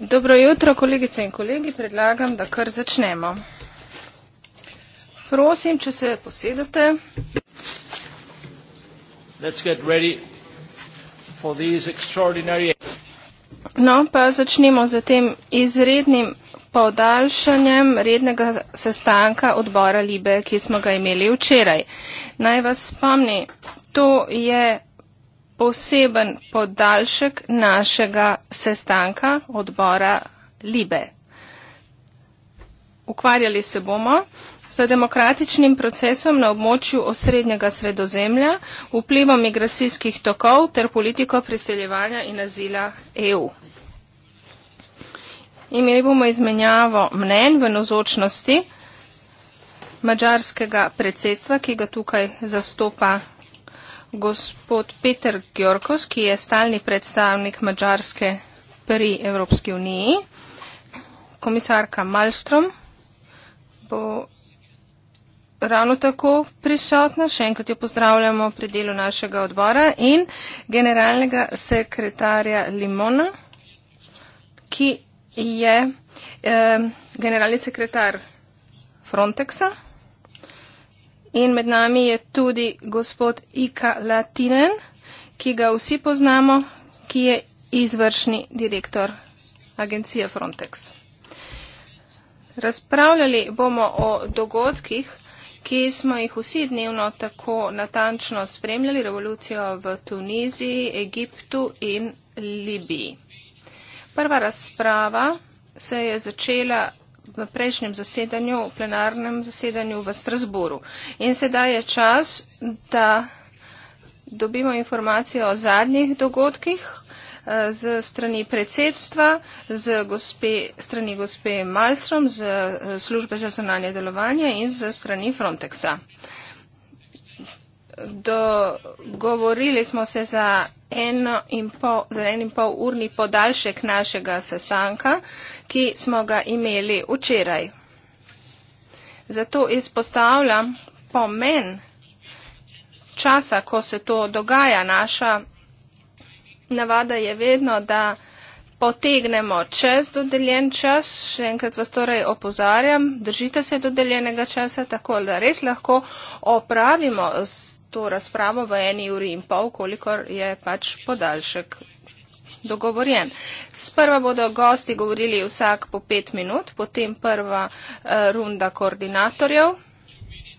Dobro jutro, kolegice in kolegi, predlagam, da kar začnemo. Prosim, če se posedete. Let's get ready for these extraordinary... No, pa začnemo z tem izrednim podaljšanjem rednega sestanka odbora Libe, ki smo ga imeli včeraj. Naj vas spomni, to je poseben podaljšek našega sestanka odbora Libe. Ukvarjali se bomo z demokratičnim procesom na območju osrednjega sredozemlja, vplivom migracijskih tokov ter politiko priseljevanja in azila EU. Imeli bomo izmenjavo mnen v nozočnosti mađarskega predsedstva, ki ga tukaj zastopa gospod Peter Gjorkos, ki je stalni predstavnik Mačarske pri Evropski uniji. Komisarka Malmström bo ravno tako prisotna, še enkrat jo pozdravljamo pri delu našega odbora in generalnega sekretarja Limona, ki je eh, generalni sekretar Frontexa. In med nami je tudi gospod Ika Latinen, ki ga vsi poznamo, ki je izvršni direktor agencije Frontex. Razpravljali bomo o dogodkih, ki smo jih vsi dnevno tako natančno spremljali, revolucijo v Tuniziji, Egiptu in Libiji. Prva razprava se je začela v prejšnjem zasedanju, v plenarnem zasedanju v Strasburu. In sedaj je čas, da dobimo informacijo o zadnjih dogodkih eh, z strani predsedstva, z gospe, strani gospe Malstrom, z eh, službe za zonanje delovanje in z strani Frontexa dogovorili smo se za eno in pol, za en in pol urni podaljšek našega sestanka, ki smo ga imeli včeraj. Zato izpostavljam pomen časa, ko se to dogaja. Naša navada je vedno, da potegnemo čez dodeljen čas. Še enkrat vas torej opozarjam, držite se dodeljenega časa, tako da res lahko opravimo to razpravo v eni uri in pol, kolikor je pač podaljšek dogovorjen. Sprva bodo gosti govorili vsak po pet minut, potem prva uh, runda koordinatorjev.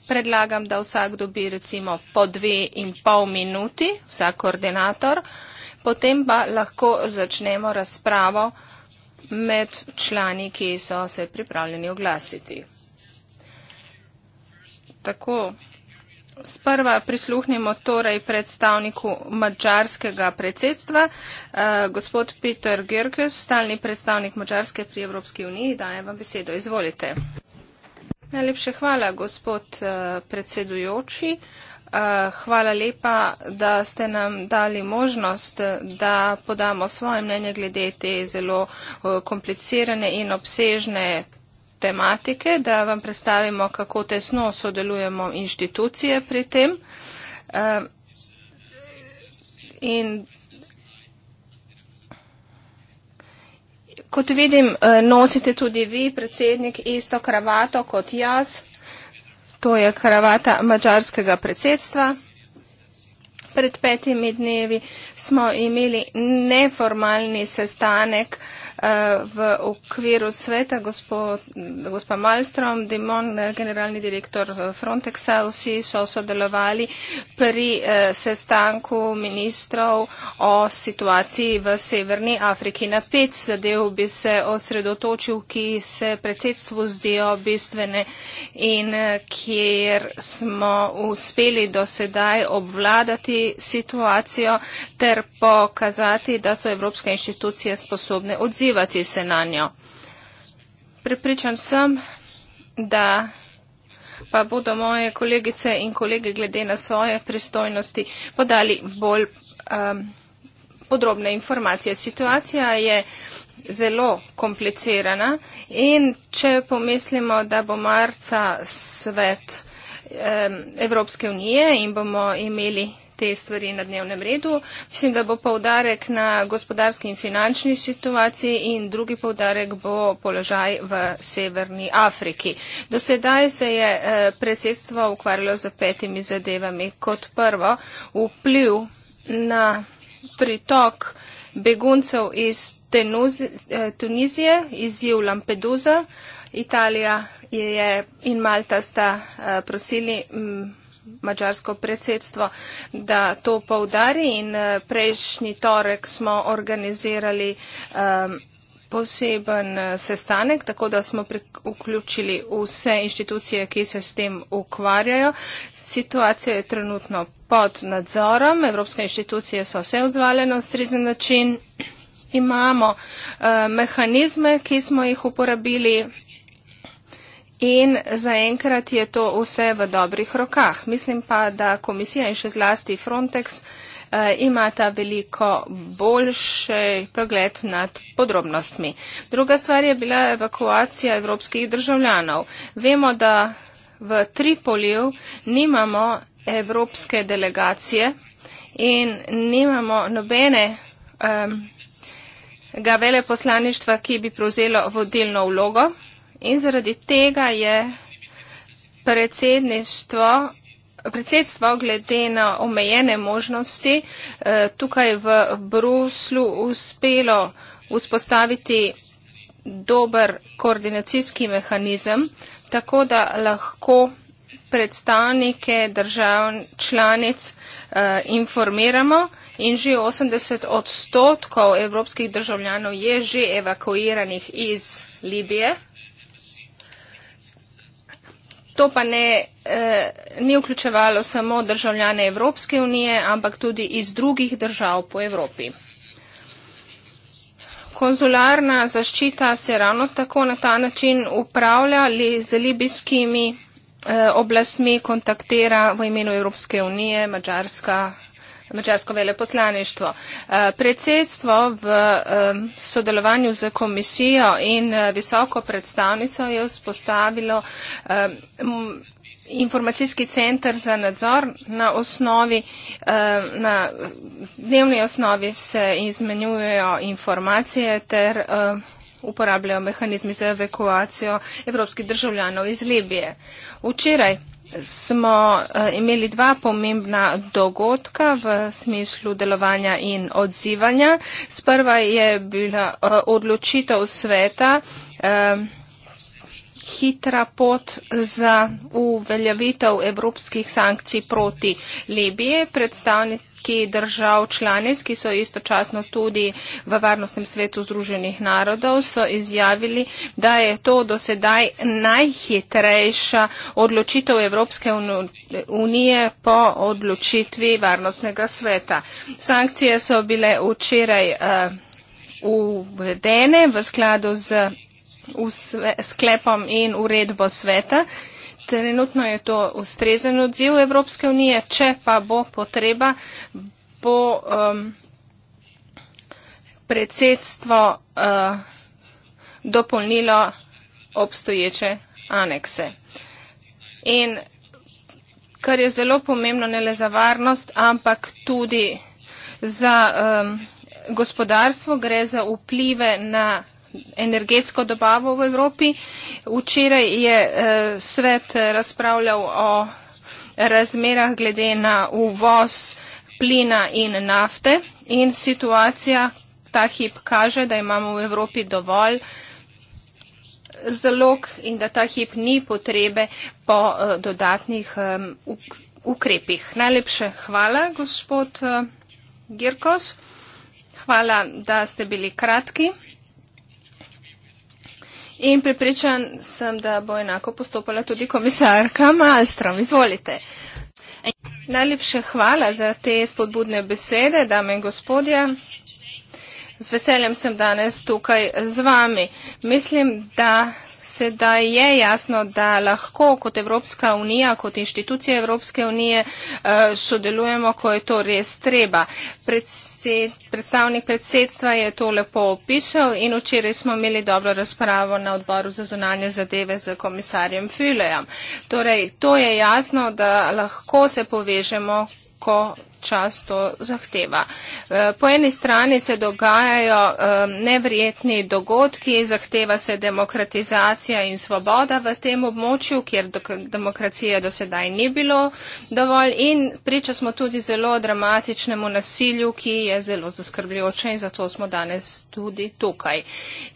Predlagam, da vsak dobi recimo po dve in pol minuti, vsak koordinator. Uh, potem pa lahko začnemo razpravo med člani, ki so se pripravljeni oglasiti. Tako, sprva prisluhnimo torej predstavniku mačarskega predsedstva, eh, gospod Peter Gerkes, stalni predstavnik Mačarske pri Evropski uniji, daje vam besedo. Izvolite. Najlepše hvala, gospod eh, predsedujoči. Eh, hvala lepa, da ste nam dali možnost, da podamo svoje mnenje glede te zelo eh, komplicirane in obsežne tematike, da vam predstavimo, kako tesno sodelujemo inštitucije pri tem. Eh, in kot vidim, nosite tudi vi, predsednik, isto kravato kot jaz. To je kravata mačarskega predsedstva. Pred petimi dnevi smo imeli neformalni sestanek eh, v okviru sveta gospod, gospa Malstrom, Dimon, generalni direktor eh, Frontexa, vsi so sodelovali pri eh, sestanku ministrov o situaciji v Severni Afriki. Na pet zadev bi se osredotočil, ki se predsedstvu zdijo bistvene in kjer smo uspeli do sedaj obvladati situacijo ter pokazati, da so evropske inštitucije sposobne odzivati se na njo. Pripričan sem, da pa bodo moje kolegice in kolege glede na svoje pristojnosti podali bolj um, podrobne informacije. Situacija je zelo komplicirana in če pomislimo, da bo marca svet um, Evropske unije in bomo imeli te stvari na dnevnem redu. Mislim, da bo povdarek na gospodarski in finančni situaciji in drugi povdarek bo položaj v Severni Afriki. Do sedaj se je eh, predsedstvo ukvarjalo z petimi zadevami. Kot prvo, vpliv na pritok beguncev iz eh, Tunizije, izjiv Lampedusa, Italija je in Malta sta eh, prosili mm, mađarsko predsedstvo, da to povdari in eh, prejšnji torek smo organizirali um, poseben eh, sestanek, tako da smo vključili vse inštitucije, ki se s tem ukvarjajo. Situacija je trenutno pod nadzorom, evropske inštitucije so se odzvale na strizen način. Imamo uh, mehanizme, ki smo jih uporabili In zaenkrat je to vse v dobrih rokah. Mislim pa, da komisija in še zlasti Frontex eh, imata veliko boljši pogled nad podrobnostmi. Druga stvar je bila evakuacija evropskih državljanov. Vemo, da v Tripoliju nimamo evropske delegacije in nimamo nobene um, ga veleposlaništva, ki bi prevzelo vodilno vlogo. In zaradi tega je predsedništvo. Predsedstvo glede na omejene možnosti eh, tukaj v Bruslu uspelo vzpostaviti dober koordinacijski mehanizem, tako da lahko predstavnike držav članic eh, informiramo in že 80 odstotkov evropskih državljanov je že evakuiranih iz Libije. To pa ne, eh, ni vključevalo samo državljane Evropske unije, ampak tudi iz drugih držav po Evropi. Konzularna zaščita se ravno tako na ta način upravlja ali z libijskimi eh, oblastmi kontaktira v imenu Evropske unije, Mačarska, mačarsko veleposlaništvo. Eh, predsedstvo v sodelovanju z komisijo in eh, visoko predstavnico je vzpostavilo informacijski centr za nadzor na osnovi, na dnevni osnovi se izmenjujejo informacije ter uporabljajo mehanizmi za evakuacijo evropskih državljanov iz Libije. Včeraj smo eh, imeli dva pomembna dogodka v smislu delovanja in odzivanja. Sprva je bila eh, odločitev sveta. Uh, hitra pot za uveljavitev evropskih sankcij proti Libiji. Predstavniki držav članic, ki so istočasno tudi v Varnostnem svetu Združenih narodov, so izjavili, da je to dosedaj najhitrejša odločitev Evropske unije po odločitvi Varnostnega sveta. Sankcije so bile včeraj uh, uvedene v skladu z sklepom in uredbo sveta. Trenutno je to ustrezen odziv Evropske unije, če pa bo potreba, bo um, predsedstvo uh, dopolnilo obstoječe anekse. In kar je zelo pomembno, ne le za varnost, ampak tudi za um, gospodarstvo, gre za vplive na energetsko dobavo v Evropi. Včeraj je eh, svet razpravljal o razmerah glede na uvoz plina in nafte in situacija ta hip kaže, da imamo v Evropi dovolj zalog in da ta hip ni potrebe po eh, dodatnih ukrepih. Najlepše hvala, gospod eh, Girkos. Hvala, da ste bili kratki. In prepričan sem, da bo enako postopala tudi komisarka Malstrom. Izvolite. Najlepše hvala za te spodbudne besede, dame in gospodje. Z veseljem sem danes tukaj z vami. Mislim, da sedaj je jasno, da lahko kot Evropska unija, kot inštitucije Evropske unije eh, sodelujemo, ko je to res treba. Predstavnik predsedstva je to lepo opisal in včeraj smo imeli dobro razpravo na odboru za zunanje zadeve z komisarjem Fülejem. Torej, to je jasno, da lahko se povežemo, ko čas to zahteva. E, po eni strani se dogajajo e, nevrijetni dogodki, zahteva se demokratizacija in svoboda v tem območju, kjer demokracije do sedaj ni bilo dovolj in priča smo tudi zelo dramatičnemu nasilju, ki je zelo zaskrbljujoče in zato smo danes tudi tukaj.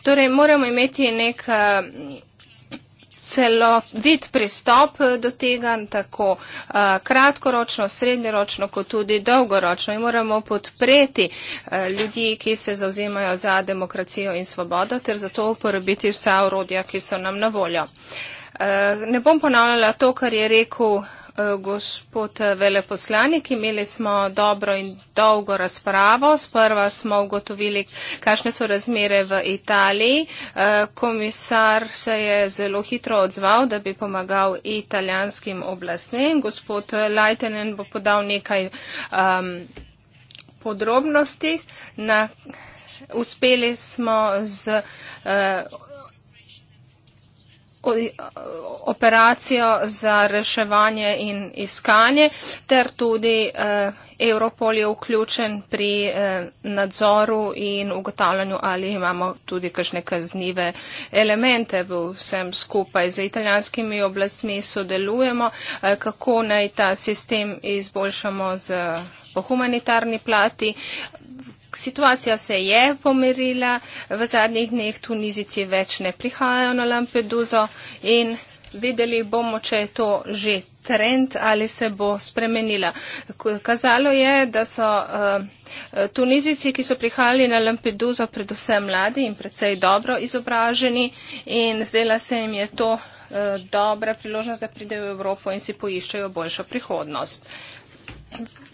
Torej, moramo imeti nek celovit pristop eh, do tega, tako eh, kratkoročno, srednjeročno, kot tudi dolgoročno. In moramo podpreti eh, ljudi, ki se zauzemajo za demokracijo in svobodo, ter zato uporabiti vsa urodja, ki so nam na voljo. Ne bom ponavljala to, kar je rekel Eh, gospod eh, veleposlanik, imeli smo dobro in dolgo razpravo. Sprva smo ugotovili, kakšne so razmere v Italiji. Eh, komisar se je zelo hitro odzval, da bi pomagal italijanskim oblastem. Gospod Leitenen bo podal nekaj um, podrobnosti. Na, uspeli smo z. Uh, operacijo za reševanje in iskanje, ter tudi eh, Europol je vključen pri eh, nadzoru in ugotavljanju, ali imamo tudi kakšne kaznive elemente v vsem skupaj. Z italijanskimi oblastmi sodelujemo, eh, kako naj ta sistem izboljšamo z, po humanitarni plati situacija se je pomirila v zadnjih dneh, Tunizici več ne prihajajo na Lampeduzo in videli bomo, če je to že trend ali se bo spremenila. Kazalo je, da so uh, eh, Tunizici, ki so prihajali na Lampeduzo, predvsem mladi in predvsej dobro izobraženi in zdela se jim je to uh, dobra priložnost, da pridejo v Evropo in si poiščejo boljšo prihodnost.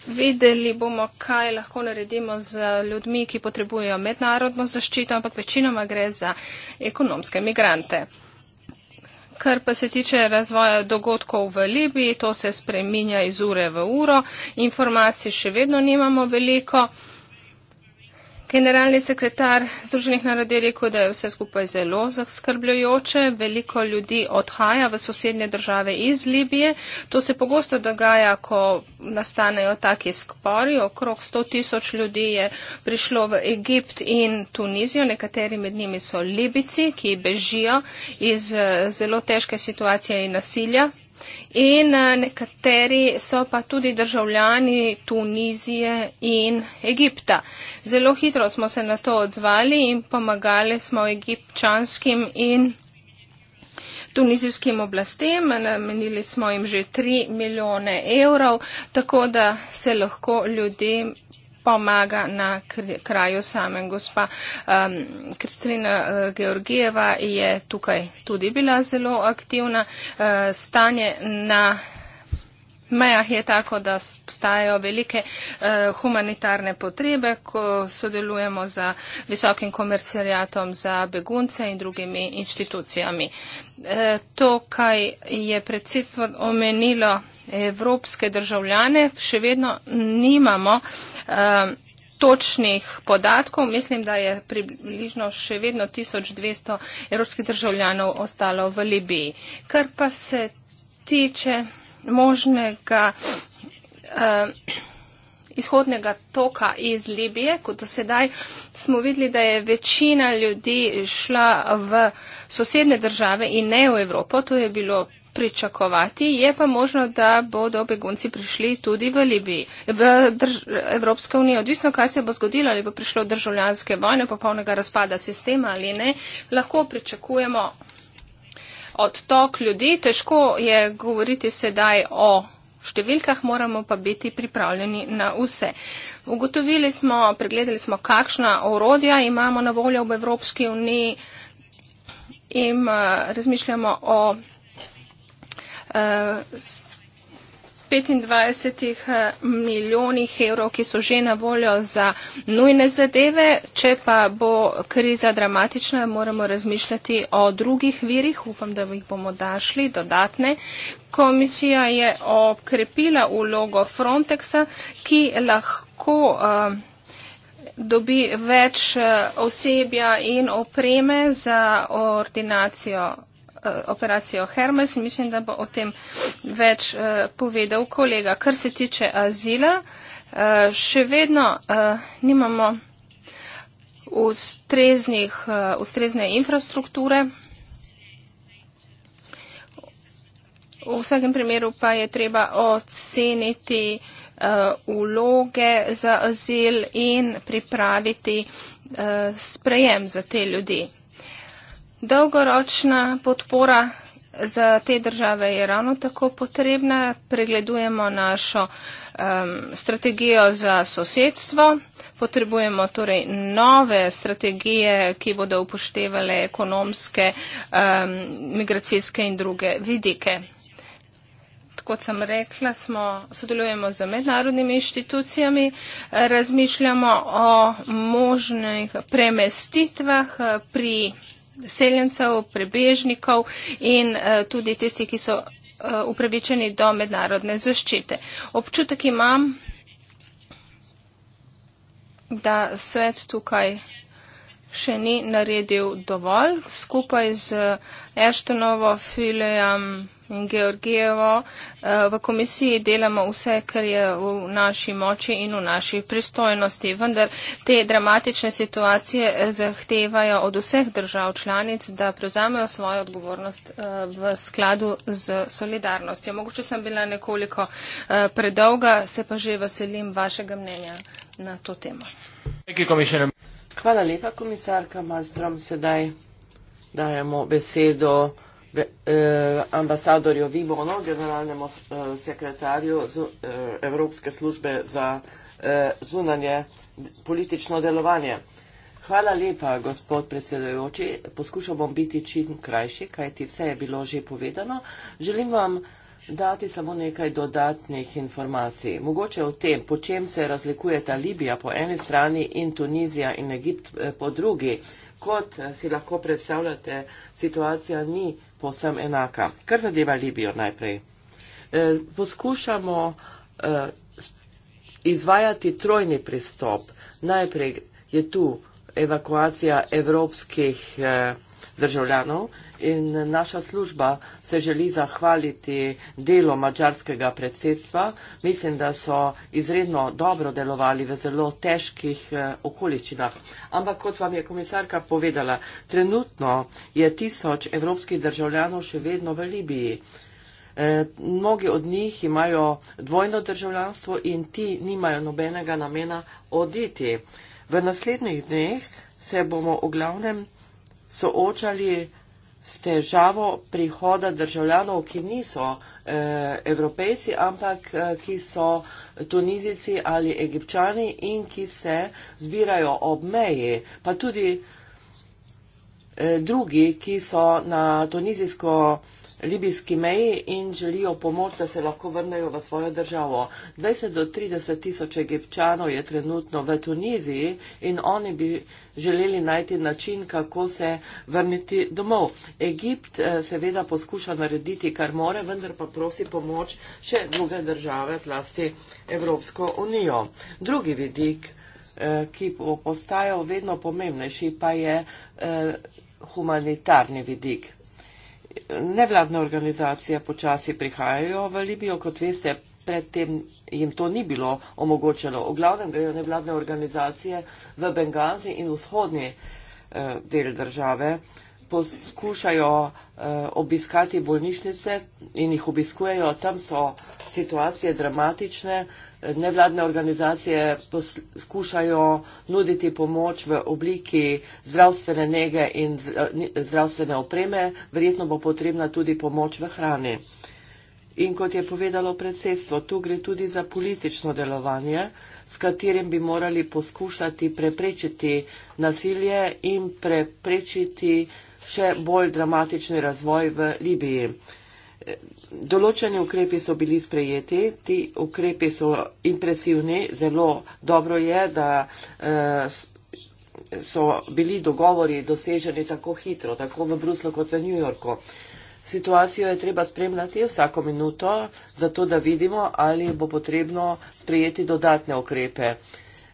Videli bomo, kaj lahko naredimo z ljudmi, ki potrebujejo mednarodno zaščito, ampak večinoma gre za ekonomske migrante. Kar pa se tiče razvoja dogodkov v Libiji, to se spreminja iz ure v uro. Informacij še vedno nimamo veliko. Generalni sekretar Združenih narod je rekel, da je vse skupaj zelo zaskrbljujoče. Veliko ljudi odhaja v sosednje države iz Libije. To se pogosto dogaja, ko nastanejo taki skpori. Okrog 100 tisoč ljudi je prišlo v Egipt in Tunizijo. Nekateri med njimi so Libici, ki bežijo iz eh, zelo težke situacije in nasilja. In eh, nekateri so pa tudi državljani Tunizije in Egipta. Zelo hitro smo se na to odzvali in pomagali smo egipčanskim in tunizijskim oblastem. Namenili smo jim že 3 milijone evrov, tako da se lahko ljudem pomaga na kraju samem. Gospa um, Kristina uh, Georgijeva je tukaj tudi bila zelo aktivna. Uh, stanje na mejah je tako, da obstajajo velike uh, humanitarne potrebe, ko sodelujemo z visokim komercijatom za begunce in drugimi inštitucijami. Uh, to, kaj je predsedstvo omenilo, evropske državljane, še vedno nimamo eh, točnih podatkov. Mislim, da je približno še vedno 1200 evropskih državljanov ostalo v Libiji. Kar pa se tiče možnega eh, izhodnega toka iz Libije, kot do sedaj smo videli, da je večina ljudi šla v sosedne države in ne v Evropo. To je bilo pričakovati, je pa možno, da bodo begunci prišli tudi v Libiji. V drž Evropske unije, odvisno kaj se bo zgodilo, ali bo prišlo državljanske vojne, popolnega razpada sistema ali ne, lahko pričakujemo odtok ljudi. Težko je govoriti sedaj o številkah, moramo pa biti pripravljeni na vse. Ugotovili smo, pregledali smo, kakšna orodja imamo na voljo v Evropski uniji in uh, razmišljamo o 25 eh, milijonih evrov, ki so že na voljo za nujne zadeve. Če pa bo kriza dramatična, moramo razmišljati o drugih virih. Upam, da jih bomo dašli dodatne. Komisija je okrepila ulogo Frontexa, ki lahko eh, dobi več eh, osebja in opreme za ordinacijo Eh, operacijo Hermes in mislim, da bo o tem več eh, povedal kolega. Kar se tiče azila, eh, še vedno nimamo ustrezne infrastrukture. V vsakem primeru pa je treba oceniti uloge za azil in pripraviti sprejem za te ljudi. Dolgoročna podpora za te države je ravno tako potrebna. Pregledujemo našo um, strategijo za sosedstvo, potrebujemo torej nove strategije, ki bodo upoštevale ekonomske, um, migracijske in druge vidike. Kot sem rekla, smo, sodelujemo z mednarodnimi inštitucijami, razmišljamo o možnih premestitvah pri seljencev, prebežnikov in uh, tudi tisti, ki so uh, upravičeni do mednarodne zaščite. Občutek imam, da svet tukaj še ni naredil dovolj skupaj z Erštonovo, Filejem in Georgijevo. Eh, v komisiji delamo vse, kar je v naši moči in v naši pristojnosti, vendar te dramatične situacije zahtevajo od vseh držav članic, da prevzamejo svojo odgovornost eh, v skladu z solidarnostjo. Mogoče sem bila nekoliko eh, predolga, se pa že veselim vašega mnenja na to temo. Hvala lepa, komisarka Malstrom. Sedaj dajemo besedo. Eh, ambasadorju Vimono, generalnemu eh, sekretarju eh, Evropske službe za zunanje politično delovanje. Hvala lepa, gospod predsedajoči. Poskušal bom biti čim krajši, kajti vse je bilo že povedano. Želim vam dati samo nekaj dodatnih informacij. Mogoče o tem, po čem se razlikujeta Libija po eni strani in Tunizija in Egipt po drugi kot si lahko predstavljate, situacija ni posem enaka. Kar zadeva Libijo najprej. E, poskušamo e, izvajati trojni pristop. Najprej je tu evakuacija evropskih e, državljanov in naša služba se želi zahvaliti delo mačarskega predsedstva. Mislim, da so izredno dobro delovali v zelo težkih eh, okoliščinah. Ampak kot vam je komisarka povedala, trenutno je tisoč evropskih državljanov še vedno v Libiji. Eh, mnogi od njih imajo dvojno državljanstvo in ti nimajo nobenega namena oditi. V naslednjih dneh se bomo v glavnem soočali s težavo prihoda državljanov, ki niso eh, evropejci, ampak eh, ki so tunizici ali egipčani in ki se zbirajo ob meji, pa tudi eh, drugi, ki so na tunizijsko eh, libijski meji in želijo pomoč, da se lahko vrnejo v svojo državo. 20 do 30 tisoč egipčanov je trenutno v Tuniziji in oni bi želeli najti način, kako se vrniti domov. Egipt eh, seveda poskuša narediti, kar more, vendar pa prosi pomoč še druge države, zlasti Evropsko unijo. Drugi vidik eh, ki bo postajal vedno pomembnejši, pa je eh, humanitarni vidik. Nevladne organizacije počasi prihajajo v Libijo, kot veste, predtem jim to ni bilo omogočeno. V glavnem grejo nevladne organizacije v Bengazi in vzhodni eh, del države, poskušajo eh, obiskati bolnišnice in jih obiskujejo, tam so situacije dramatične nevladne organizacije poskušajo nuditi pomoč v obliki zdravstvene nege in zdravstvene opreme, verjetno bo potrebna tudi pomoč v hrani. In kot je povedalo predsedstvo, tu gre tudi za politično delovanje, s katerim bi morali poskušati preprečiti nasilje in preprečiti še bolj dramatični razvoj v Libiji določeni ukrepi so bili sprejeti, ti ukrepi so impresivni, zelo dobro je, da uh, so bili dogovori doseženi tako hitro, tako v Bruslu kot v New Yorku. Situacijo je treba spremljati vsako minuto, zato da vidimo, ali bo potrebno sprejeti dodatne ukrepe.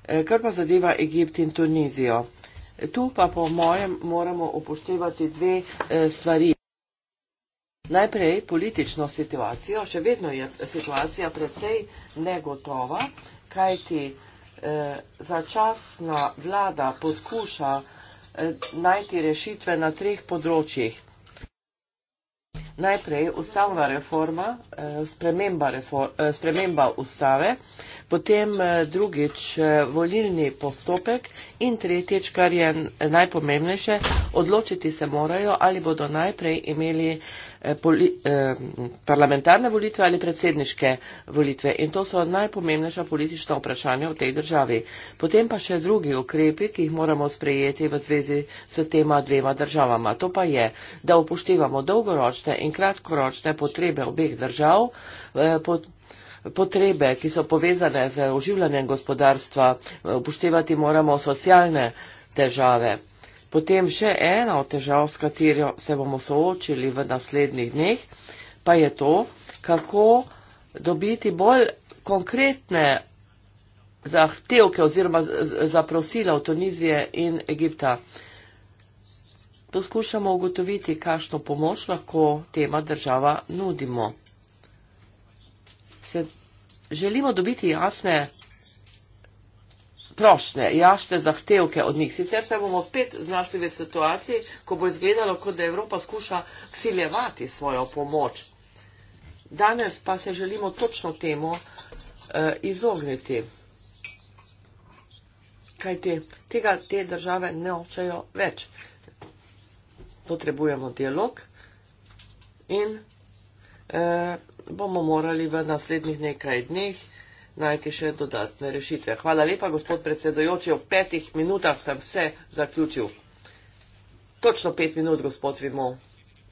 Eh, kar pa zadeva Egipt in Tunizijo. Tu pa po mojem moramo upoštevati dve eh, stvari. Najprej politično situacijo. Še vedno je situacija precej negotova, kajti eh, začasna vlada poskuša eh, najti rešitve na treh področjih. Najprej ustavna reforma, eh, sprememba, refor, eh, sprememba ustave, potem eh, drugič eh, volilni postopek in tretjič, kar je najpomembnejše, odločiti se morajo, ali bodo najprej imeli eh, poli, eh, parlamentarne volitve ali predsedniške volitve. In to so najpomembnejša politična vprašanja v tej državi. Potem pa še drugi ukrepi, ki jih moramo sprejeti v zvezi s tema dvema državama. To pa je, da upoštevamo dolgoročne in kratkoročne potrebe obeh držav. Eh, pot, potrebe, ki so povezane z oživljanjem gospodarstva, eh, upoštevati moramo socialne težave. Potem še ena od težav, s katero se bomo soočili v naslednjih dneh, pa je to, kako dobiti bolj konkretne zahtevke oziroma zaprosila v Tunizije in Egipta. Poskušamo ugotoviti, kakšno pomoč lahko tema država nudimo se želimo dobiti jasne prošnje, jasne zahtevke od njih. Sicer se bomo spet znašli v situaciji, ko bo izgledalo, kot da Evropa skuša vsiljevati svojo pomoč. Danes pa se želimo točno temu eh, izogniti. Kaj te, tega te države ne očajo več. Potrebujemo dialog in eh, bomo morali v naslednjih nekaj dneh najti še dodatne rešitve. Hvala lepa, gospod predsedojoči. V petih minutah sem vse zaključil. Točno pet minut, gospod Vimo.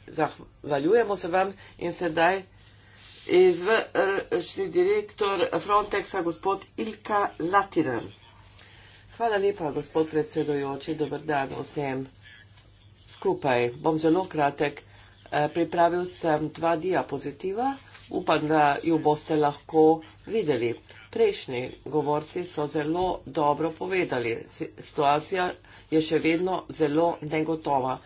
Zahvaljujemo se vam in sedaj izvršni direktor Frontexa, gospod Ilka Latinen. Hvala lepa, gospod predsedojoči. Dobr dan vsem skupaj. Bom zelo kratek. Eh, pripravil sem dva diapozitiva upam, da jo boste lahko videli. Prejšnji govorci so zelo dobro povedali. Situacija je še vedno zelo negotova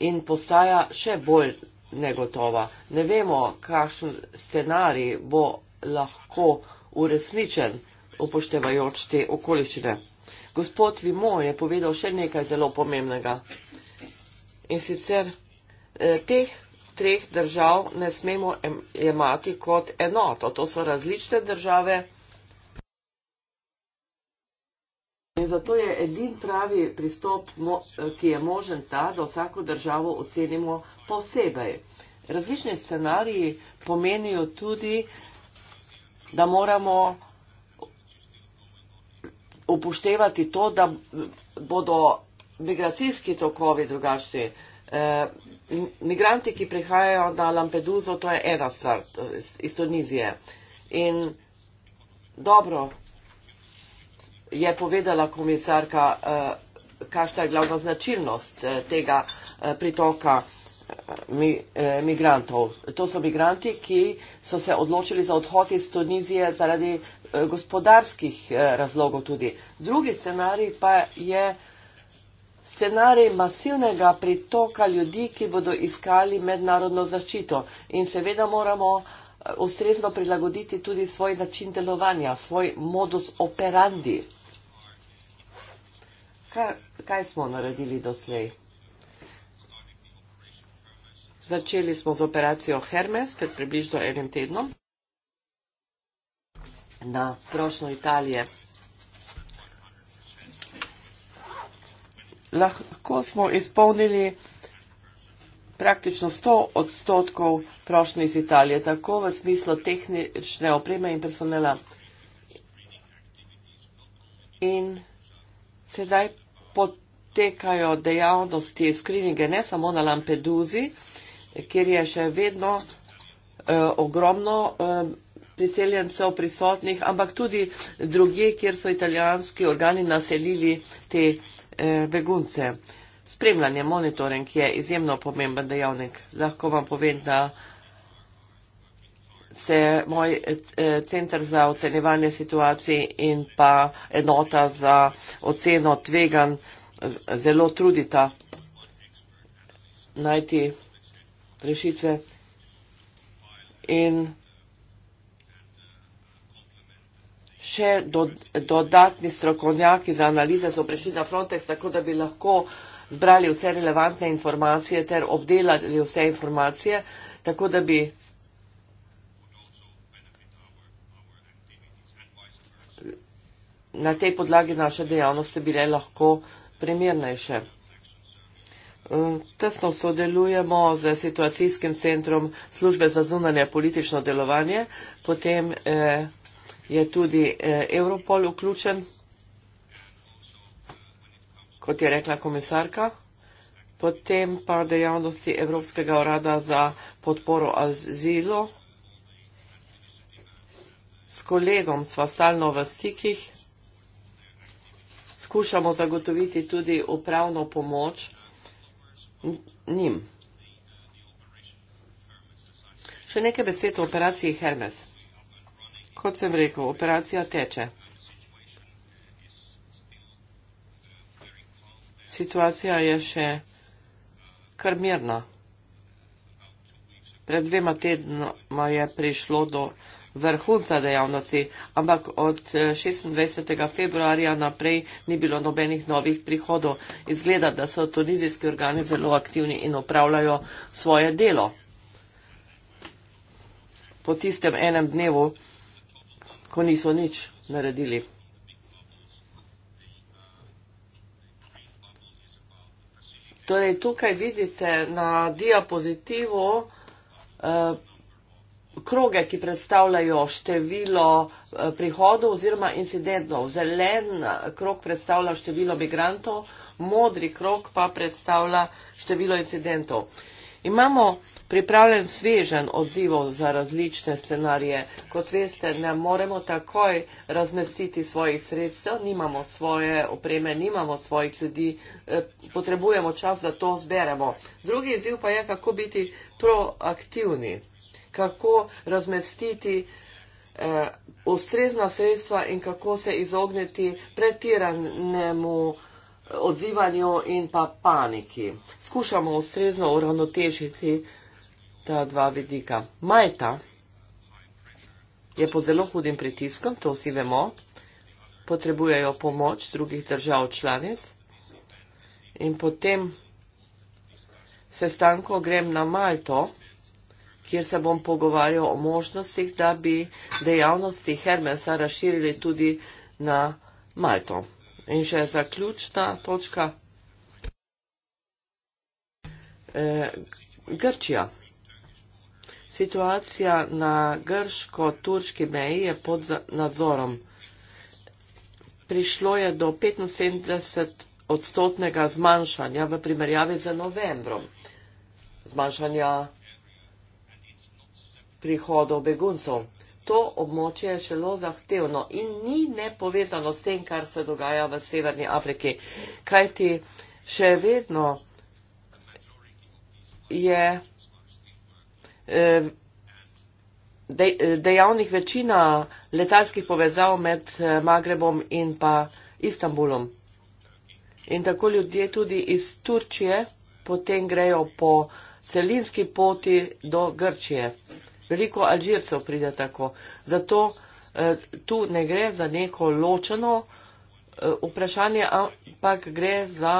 in postaja še bolj negotova. Ne vemo, kakšen scenarij bo lahko uresničen, upoštevajoč te okoliščine. Gospod Vimo je povedal še nekaj zelo pomembnega. In sicer eh, teh treh držav ne smemo jemati kot enoto. To so različne države. In zato je edin pravi pristop, ki je možen ta, da vsako državo ocenimo posebej. Različni scenariji pomenijo tudi, da moramo upoštevati to, da bodo migracijski tokovi drugačni. Eh, migranti, ki prihajajo na Lampeduzo, to je ena stvar iz Tunizije. In dobro je povedala komisarka, eh, kakšna je glavna značilnost eh, tega eh, pritoka migrantov. To so migranti, ki so se odločili za odhod iz Tunizije zaradi gospodarskih razlogov tudi. Drugi scenarij pa je scenarij masivnega pritoka ljudi, ki bodo iskali mednarodno zaščito. In seveda moramo eh, ustrezno prilagoditi tudi svoj način delovanja, svoj modus operandi. Kaj, kaj smo naredili doslej? Začeli smo z operacijo Hermes pred približno enim tednom na prošlo Italijo. lahko smo izpolnili praktično 100 odstotkov prošnje iz Italije, tako v smislu tehnične opreme in personela. In sedaj potekajo dejavnosti skrininge ne samo na Lampeduzi, kjer je še vedno eh, ogromno eh, priseljencev prisotnih, ampak tudi druge, kjer so italijanski organi naselili te eh, Eh, begunce. Spremljanje, monitoring je izjemno pomemben dejavnik. Lahko vam povem, da se moj eh, centr za ocenjevanje situacij in pa enota za oceno tvegan zelo trudita najti rešitve in vsega. še do, dodatni strokovnjaki za analize so prišli na Frontex, tako da bi lahko zbrali vse relevantne informacije ter obdelali vse informacije, tako da bi na tej podlagi naše dejavnosti bile lahko primernejše. Um, tesno sodelujemo z situacijskim centrom službe za zunanje politično delovanje, potem eh, je tudi eh, Europol vključen, kot je rekla komisarka, potem pa dejavnosti Evropskega urada za podporo azilo. S kolegom sva stalno v stikih, skušamo zagotoviti tudi upravno pomoč njim. Še nekaj besed o operaciji Hermes kot sem rekel, operacija teče. Situacija je še kar mirna. Pred dvema tednoma je prišlo do vrhunca dejavnosti, ampak od 26. Eh, februarja naprej ni bilo nobenih novih prihodov. Izgleda, da so tunizijski organi zelo aktivni in opravljajo svoje delo. Po tistem enem dnevu ko niso nič naredili. Torej, tukaj vidite na diapozitivu eh, kroge, ki predstavljajo število eh, prihodov oziroma incidentov. Zelen eh, krog predstavlja število migrantov, modri krog pa predstavlja število incidentov. Imamo pripravljen svežen odzivov za različne scenarije. Kot veste, ne moremo takoj razmestiti svojih sredstev, nimamo svoje opreme, nimamo svojih ljudi, eh, potrebujemo čas, da to zberemo. Drugi izziv pa je, kako biti proaktivni, kako razmestiti eh, ustrezna sredstva in kako se izogniti pretiranemu eh, odzivanju in pa paniki. Skušamo ustrezno uravnotežiti ta dva vidika. Malta je pod zelo hudim pritiskom, to vsi vemo, potrebujejo pomoč drugih držav članic. In potem sestanko grem na Malto, kjer se bom pogovarjal o možnostih, da bi dejavnosti Hermesa razširili tudi na Malto. In še zaključna točka. Eh, Grčija. Situacija na grško-turški meji je pod nadzorom. Prišlo je do 75 odstotnega zmanjšanja v primerjavi z novembrom. Zmanjšanja prihodov beguncov. To območje je šelo zahtevno in ni nepovezano s tem, kar se dogaja v Severni Afriki. Kajti še vedno je Eh, eh, dejavnih večina letalskih povezav med eh, Magrebom in pa Istanbulom. In tako ljudje tudi iz Turčije potem grejo po celinski poti do Grčije. Veliko Alžircev pride tako. Zato tu ne gre za neko ločeno vprašanje, ampak gre za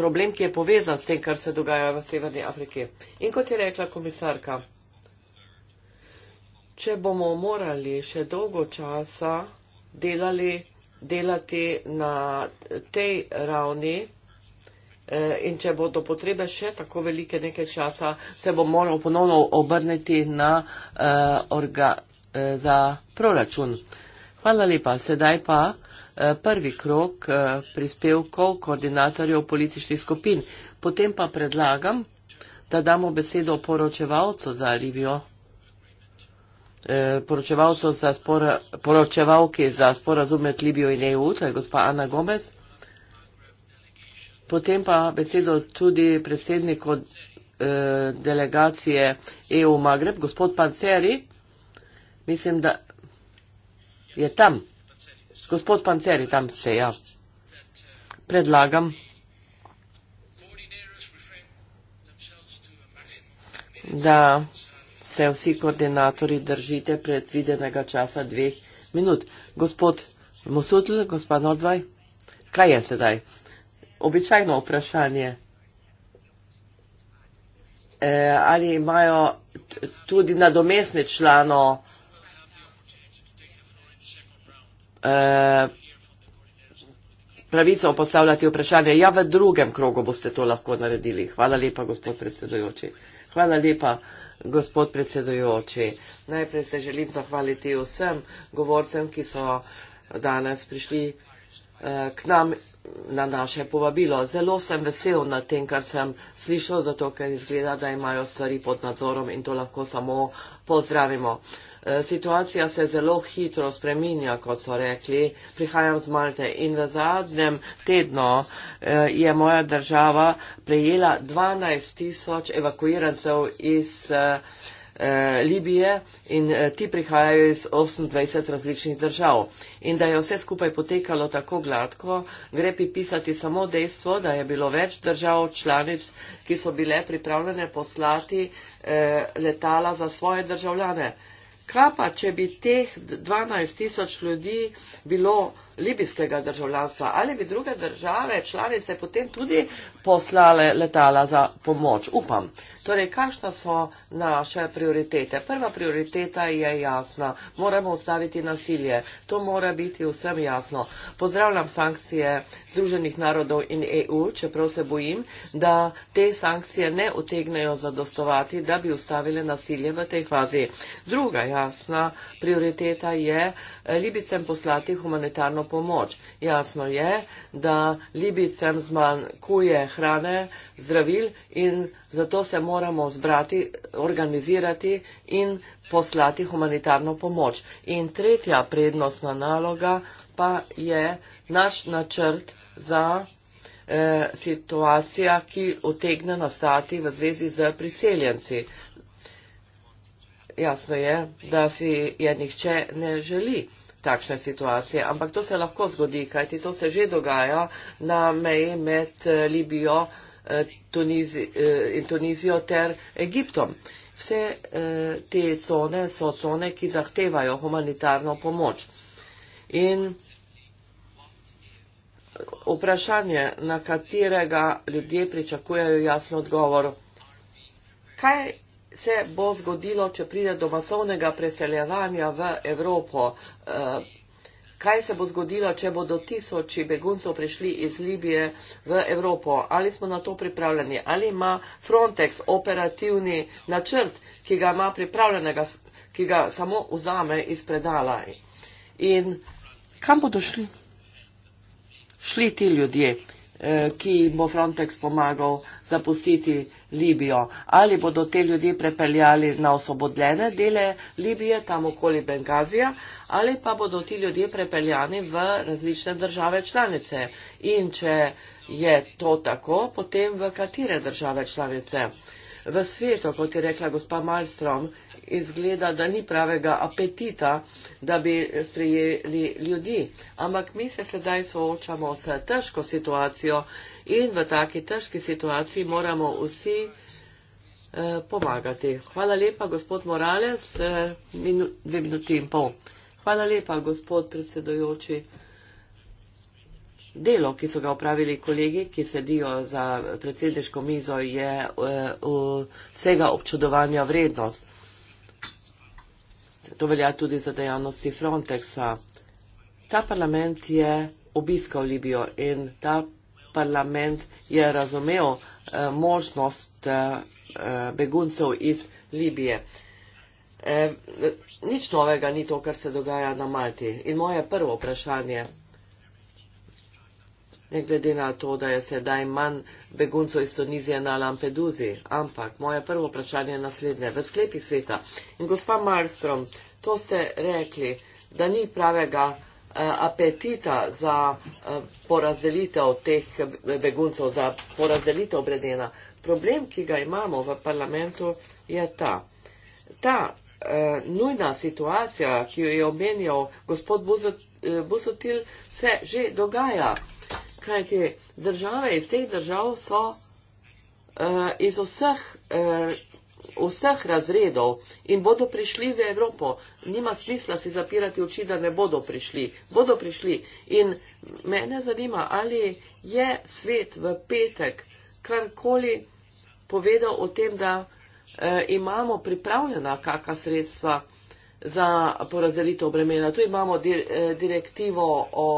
problem, ki je povezan s tem, kar se dogaja v Severni Afriki. In kot je rekla komisarka, če bomo morali še dolgo časa delali, delati na tej ravni eh, in če bodo potrebe še tako velike nekaj časa, se bomo moral ponovno obrniti na uh, orga, uh, za proračun. Hvala lepa. Sedaj pa. Eh, prvi krok eh, prispevkov koordinatorjev političnih skupin. Potem pa predlagam, da damo besedo poročevalcu za Libijo, eh, poročevalcu za spora, poročevalki za sporazum med Libijo in EU, to je gospa Ana Gomez. Potem pa besedo tudi predsedniku delegacije EU Magreb, gospod Panceri. Mislim, da je tam. Gospod Panceri, tam ste, ja. Predlagam, da se vsi koordinatori držite pred videnega časa dveh minut. Gospod Mosutl, gospod Nordvaj, kaj je sedaj? Običajno vprašanje. Eh, ali imajo tudi nadomestni člano vprašanje? Eh, pravico postavljati vprašanje. Ja, v drugem krogu boste to lahko naredili. Hvala lepa, gospod predsedujoči. Hvala lepa, gospod predsedujoči. Najprej se želim zahvaliti vsem govorcem, ki so danes prišli eh, k nam na naše povabilo. Zelo sem vesel nad tem, kar sem slišal, zato ker izgleda, da imajo stvari pod nadzorom in to lahko samo pozdravimo. Eh, Eh, situacija se zelo hitro spreminja, kot so rekli. Prihajam z Malte in v zadnjem tednu eh, je moja država prejela 12 tisoč evakuirancev iz eh, Libije in ti prihajajo iz 28 različnih držav. In da je vse skupaj potekalo tako gladko, gre pripisati samo dejstvo, da je bilo več držav članic, ki so bile pripravljene poslati letala za svoje državljane. Kaj pa, če bi teh 12 tisoč ljudi bilo libijskega državljanstva? Ali bi druge države članice potem tudi poslale letala za pomoč? Upam. Torej, kakšna so naše prioritete? Prva prioriteta je jasna. Moramo ustaviti nasilje. To mora biti vsem jasno. Pozdravljam sankcije Združenih narodov in EU, čeprav se bojim, da te sankcije ne utegnejo zadostovati, da bi ustavile nasilje v tej fazi. Druga, ja, jasna prioriteta je eh, Libicem poslati humanitarno pomoč. Jasno je, da Libicem zmanjkuje hrane, zdravil in zato se moramo zbrati, organizirati in poslati humanitarno pomoč. In tretja prednostna naloga pa je naš načrt za eh, situacija, ki otegne nastati v zvezi z priseljenci jasno je, da si je nihče ne želi takšne situacije, ampak to se lahko zgodi, kajti to se že dogaja na meji med eh, Libijo eh, eh, in Tunizijo ter Egiptom. Vse te cone so cone, ki zahtevajo humanitarno pomoč. In vprašanje, na katerega ljudje pričakujejo jasno odgovor, kaj se bo zgodilo, če pride do masovnega preseljevanja v Evropo? Eh, kaj se bo zgodilo, če bodo tisoči beguncov prišli iz Libije v Evropo? Ali smo na to pripravljeni? Ali ima Frontex operativni načrt, ki ga ima pripravljenega, ki ga samo vzame iz predala? In kam bodo šli? Šli ti ljudje? ki jim bo Frontex pomagal zapustiti Libijo. Ali bodo te ljudi prepeljali na osvobodljene dele Libije, tam okoli Bengazija, ali pa bodo ti ljudje prepeljani v različne države članice. In če je to tako, potem v katere države članice v svetu, kot je rekla gospa Malstrom, izgleda, da ni pravega apetita, da bi sprejeli ljudi. Ampak mi se sedaj soočamo s težko situacijo in v taki težki situaciji moramo vsi eh, pomagati. Hvala lepa, gospod Morales, eh, minu, dve minuti in pol. Hvala lepa, gospod predsedojoči. Delo, ki so ga opravili kolegi, ki sedijo za predsedniško mizo, je eh, vsega občudovanja vrednost. To velja tudi za dejavnosti Frontexa. Ta parlament je obiskal Libijo in ta parlament je razumel eh, možnost eh, beguncev iz Libije. Nič novega ni to, kar se dogaja na Malti. In moje prvo vprašanje je, ne glede na to, da je sedaj manj beguncov iz Tunizije na Lampeduzi. Ampak moje prvo vprašanje je naslednje. V sklepih sveta. In gospa Marstrom, to ste rekli, da ni pravega eh, apetita za eh, porazdelitev teh eh, beguncev, za porazdelitev bredena. Problem, ki ga imamo v parlamentu, je ta. Ta eh, nujna situacija, ki jo je omenjal gospod Busotil, se že dogaja Kajti države iz teh držav so uh, iz vseh, uh, vseh razredov in bodo prišli v Evropo. Nima smisla si zapirati oči, da ne bodo prišli. Bodo prišli. In mene zanima, ali je svet v petek karkoli povedal o tem, da uh, imamo pripravljena kaka sredstva za porazdelitev bremena. Tu imamo direktivo o.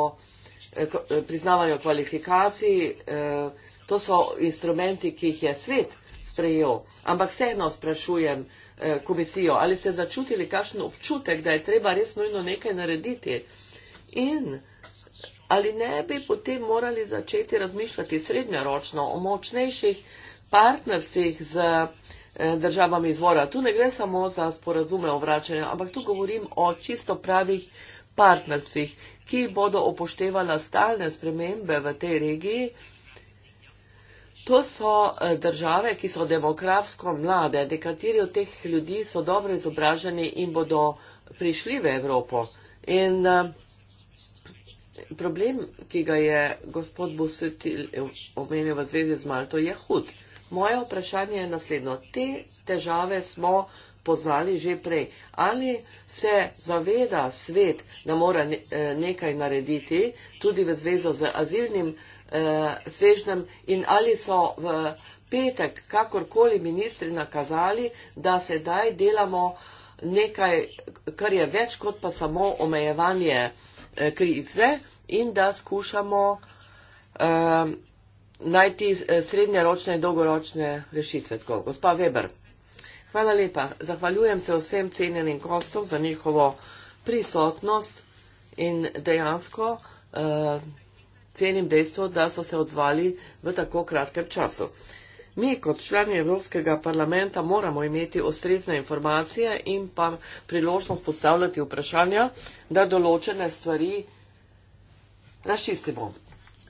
Eh, eh, priznavanju kvalifikacij, eh, to so instrumenti, ki jih je svet sprejel. Ampak vseeno sprašujem komisijo, ali ste začutili kakšen občutek, da je treba res nujno nekaj narediti in ali ne bi potem morali začeti razmišljati srednjeročno o močnejših partnerstvih z državami izvora. Tu ne gre samo za sporazume o vračanju, ampak tu govorim o čisto pravih partnerstvih ki bodo upoštevala stalne spremembe v tej regiji. To so eh, države, ki so demokratsko mlade, nekateri od teh ljudi so dobro izobraženi in bodo prišli v Evropo. In eh, problem, ki ga je gospod Busutil omenil v zvezi z Malto, je hud. Moje vprašanje je naslednjo. Te težave smo pozvali že prej. Ali se zaveda svet, da mora eh, nekaj narediti, tudi v zvezo z azilnim eh, svežnem in ali so v petek kakorkoli ministri nakazali, da sedaj delamo nekaj, kar je več kot pa samo omejevanje eh, krize in da skušamo eh, najti eh, srednjeročne in dolgoročne rešitve. Tako, gospa Weber. Hvala lepa. Zahvaljujem se vsem cenjenim gostom za njihovo prisotnost in dejansko uh, cenim dejstvo, da so se odzvali v tako kratkem času. Mi kot člani Evropskega parlamenta moramo imeti ustrezne informacije in pa priložnost postavljati vprašanja, da določene stvari razčistimo.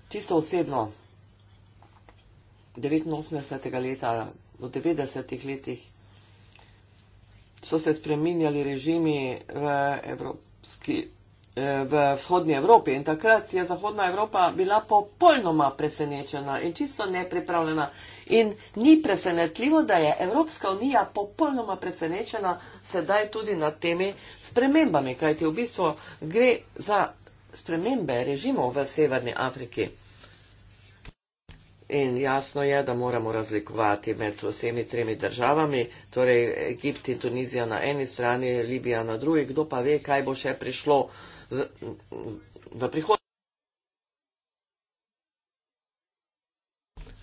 Čisto osebno, 89. leta, v 90. letih so se spreminjali režimi v, Evropski, eh, v vzhodni Evropi in takrat je zahodna Evropa bila popolnoma presenečena in čisto nepripravljena. In ni presenetljivo, da je Evropska unija popolnoma presenečena sedaj tudi nad temi spremembami, kajti v bistvu gre za spremembe režimov v Severni Afriki. In jasno je, da moramo razlikovati med vsemi tremi državami, torej Egipt in Tunizija na eni strani, Libija na drugi, kdo pa ve, kaj bo še prišlo v, v prihodnosti.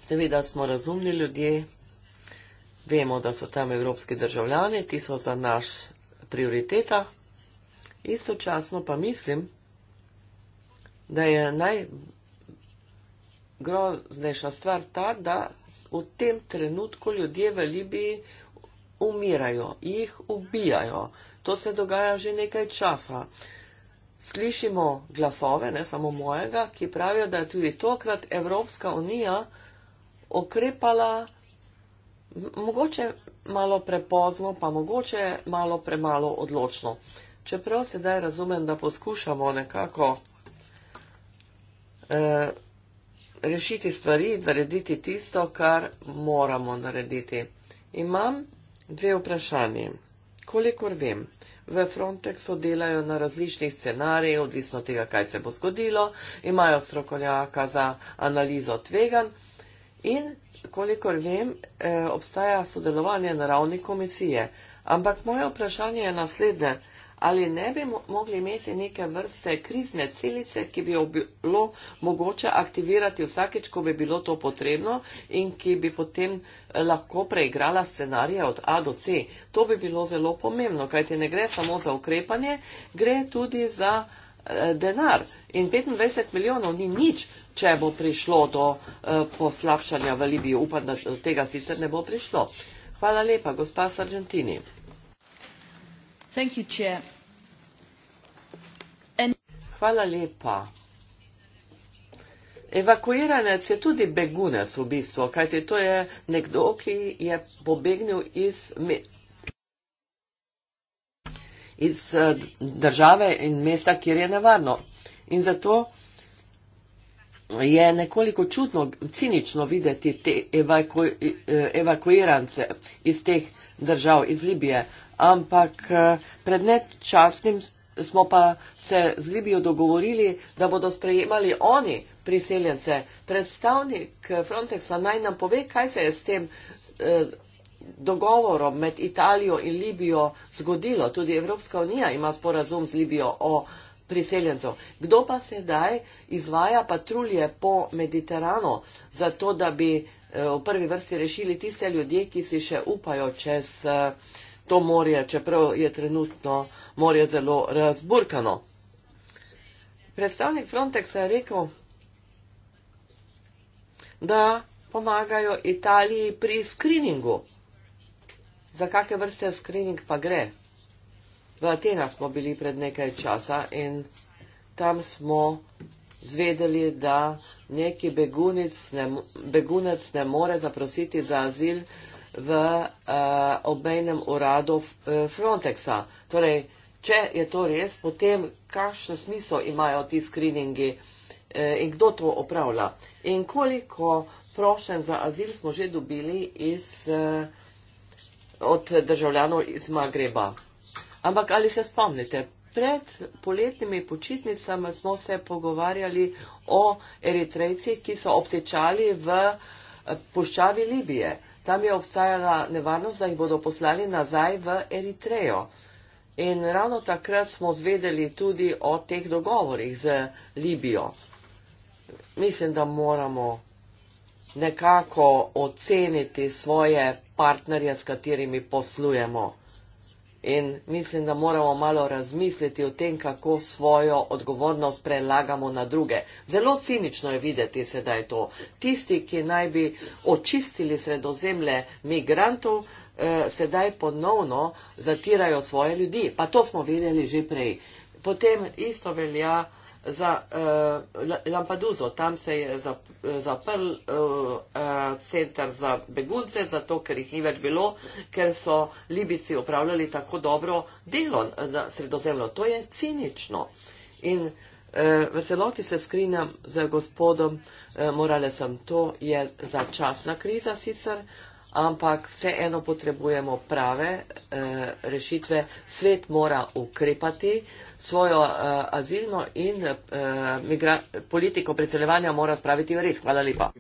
Seveda smo razumni ljudje, vemo, da so tam evropski državljani, ti so za naš prioriteta. Istočasno pa mislim, da je najbolj groznejša stvar ta, da v tem trenutku ljudje v Libiji umirajo, jih ubijajo. To se dogaja že nekaj časa. Slišimo glasove, ne samo mojega, ki pravijo, da je tudi tokrat Evropska unija okrepala mogoče malo prepozno, pa mogoče malo premalo odločno. Čeprav sedaj razumem, da poskušamo nekako eh, rešiti stvari, narediti tisto, kar moramo narediti. Imam dve vprašanje. Kolikor vem, v Frontexu delajo na različnih scenarijih, odvisno tega, kaj se bo zgodilo, imajo strokovnjaka za analizo tvegan in, kolikor vem, eh, obstaja sodelovanje na ravni komisije. Ampak moje vprašanje je naslednje ali ne bi mogli imeti neke vrste krizne celice, ki bi jo bilo mogoče aktivirati vsakeč, ko bi bilo to potrebno in ki bi potem eh, lahko preigrala scenarije od A do C. To bi bilo zelo pomembno, kajti ne gre samo za ukrepanje, gre tudi za eh, denar. In 25 milijonov ni nič, če bo prišlo do eh, poslabšanja v Libiji. Upam, da do tega sicer ne bo prišlo. Hvala lepa, gospa Sargentini. Hvala lepa. Evakuiranec je tudi begunec v bistvu, kajte to je nekdo, ki je pobegnil iz, me, iz eh, države in mesta, kjer je nevarno. In zato je nekoliko čutno, cinično videti te evaku, evakuirance iz teh držav, iz Libije. Ampak eh, pred nečasnim smo pa se z Libijo dogovorili, da bodo sprejemali oni priseljence. Predstavnik eh, Frontexa naj nam pove, kaj se je s tem eh, dogovorom med Italijo in Libijo zgodilo. Tudi Evropska unija ima sporazum z Libijo o priseljencev. Kdo pa sedaj izvaja patrulje po Mediteranu, zato da bi eh, v prvi vrsti rešili tiste ljudje, ki si še upajo čez eh, to morje, čeprav je trenutno morje zelo razburkano. Predstavnik Frontexa je rekel, da pomagajo Italiji pri skriningu. Za kakšne vrste skrining pa gre? V Atenah smo bili pred nekaj časa in tam smo zvedeli, da neki begunic ne, begunec ne more zaprositi za azil v uh, obmejnem uradu eh, Frontexa. Torej, če je to res, potem kakšen smisel imajo ti skriningi eh, in kdo to opravlja. In koliko prošen za azil smo že dobili iz, eh, od državljanov iz Magreba. Ampak ali se spomnite, pred poletnimi počitnicami smo se pogovarjali o eritrejcih, ki so obtečali v eh, puščavi Libije. Tam je obstajala nevarnost, da jih bodo poslali nazaj v Eritrejo. In ravno takrat smo zvedeli tudi o teh dogovorih z Libijo. Mislim, da moramo nekako oceniti svoje partnerje, s katerimi poslujemo. In mislim, da moramo malo razmisliti o tem, kako svojo odgovornost prelagamo na druge. Zelo cinično je videti sedaj to. Tisti, ki naj bi očistili sredozemlje migrantov, eh, sedaj ponovno zatirajo svoje ljudi. Pa to smo videli že prej. Potem isto velja za uh, eh, Lampaduzo. Tam se je zaprl uh, center za begunce, zato ker jih ni več bilo, ker so Libici upravljali tako dobro delo na sredozemlju. To je cinično. In uh, v celoti se skrinjam z gospodom uh, Moralesom. To je začasna kriza sicer, ampak vseeno potrebujemo prave uh, rešitve. Svet mora ukrepati. Uh, svojo uh, azilno in uh, politiko predseljevanja mora spraviti v red. Hvala lepa.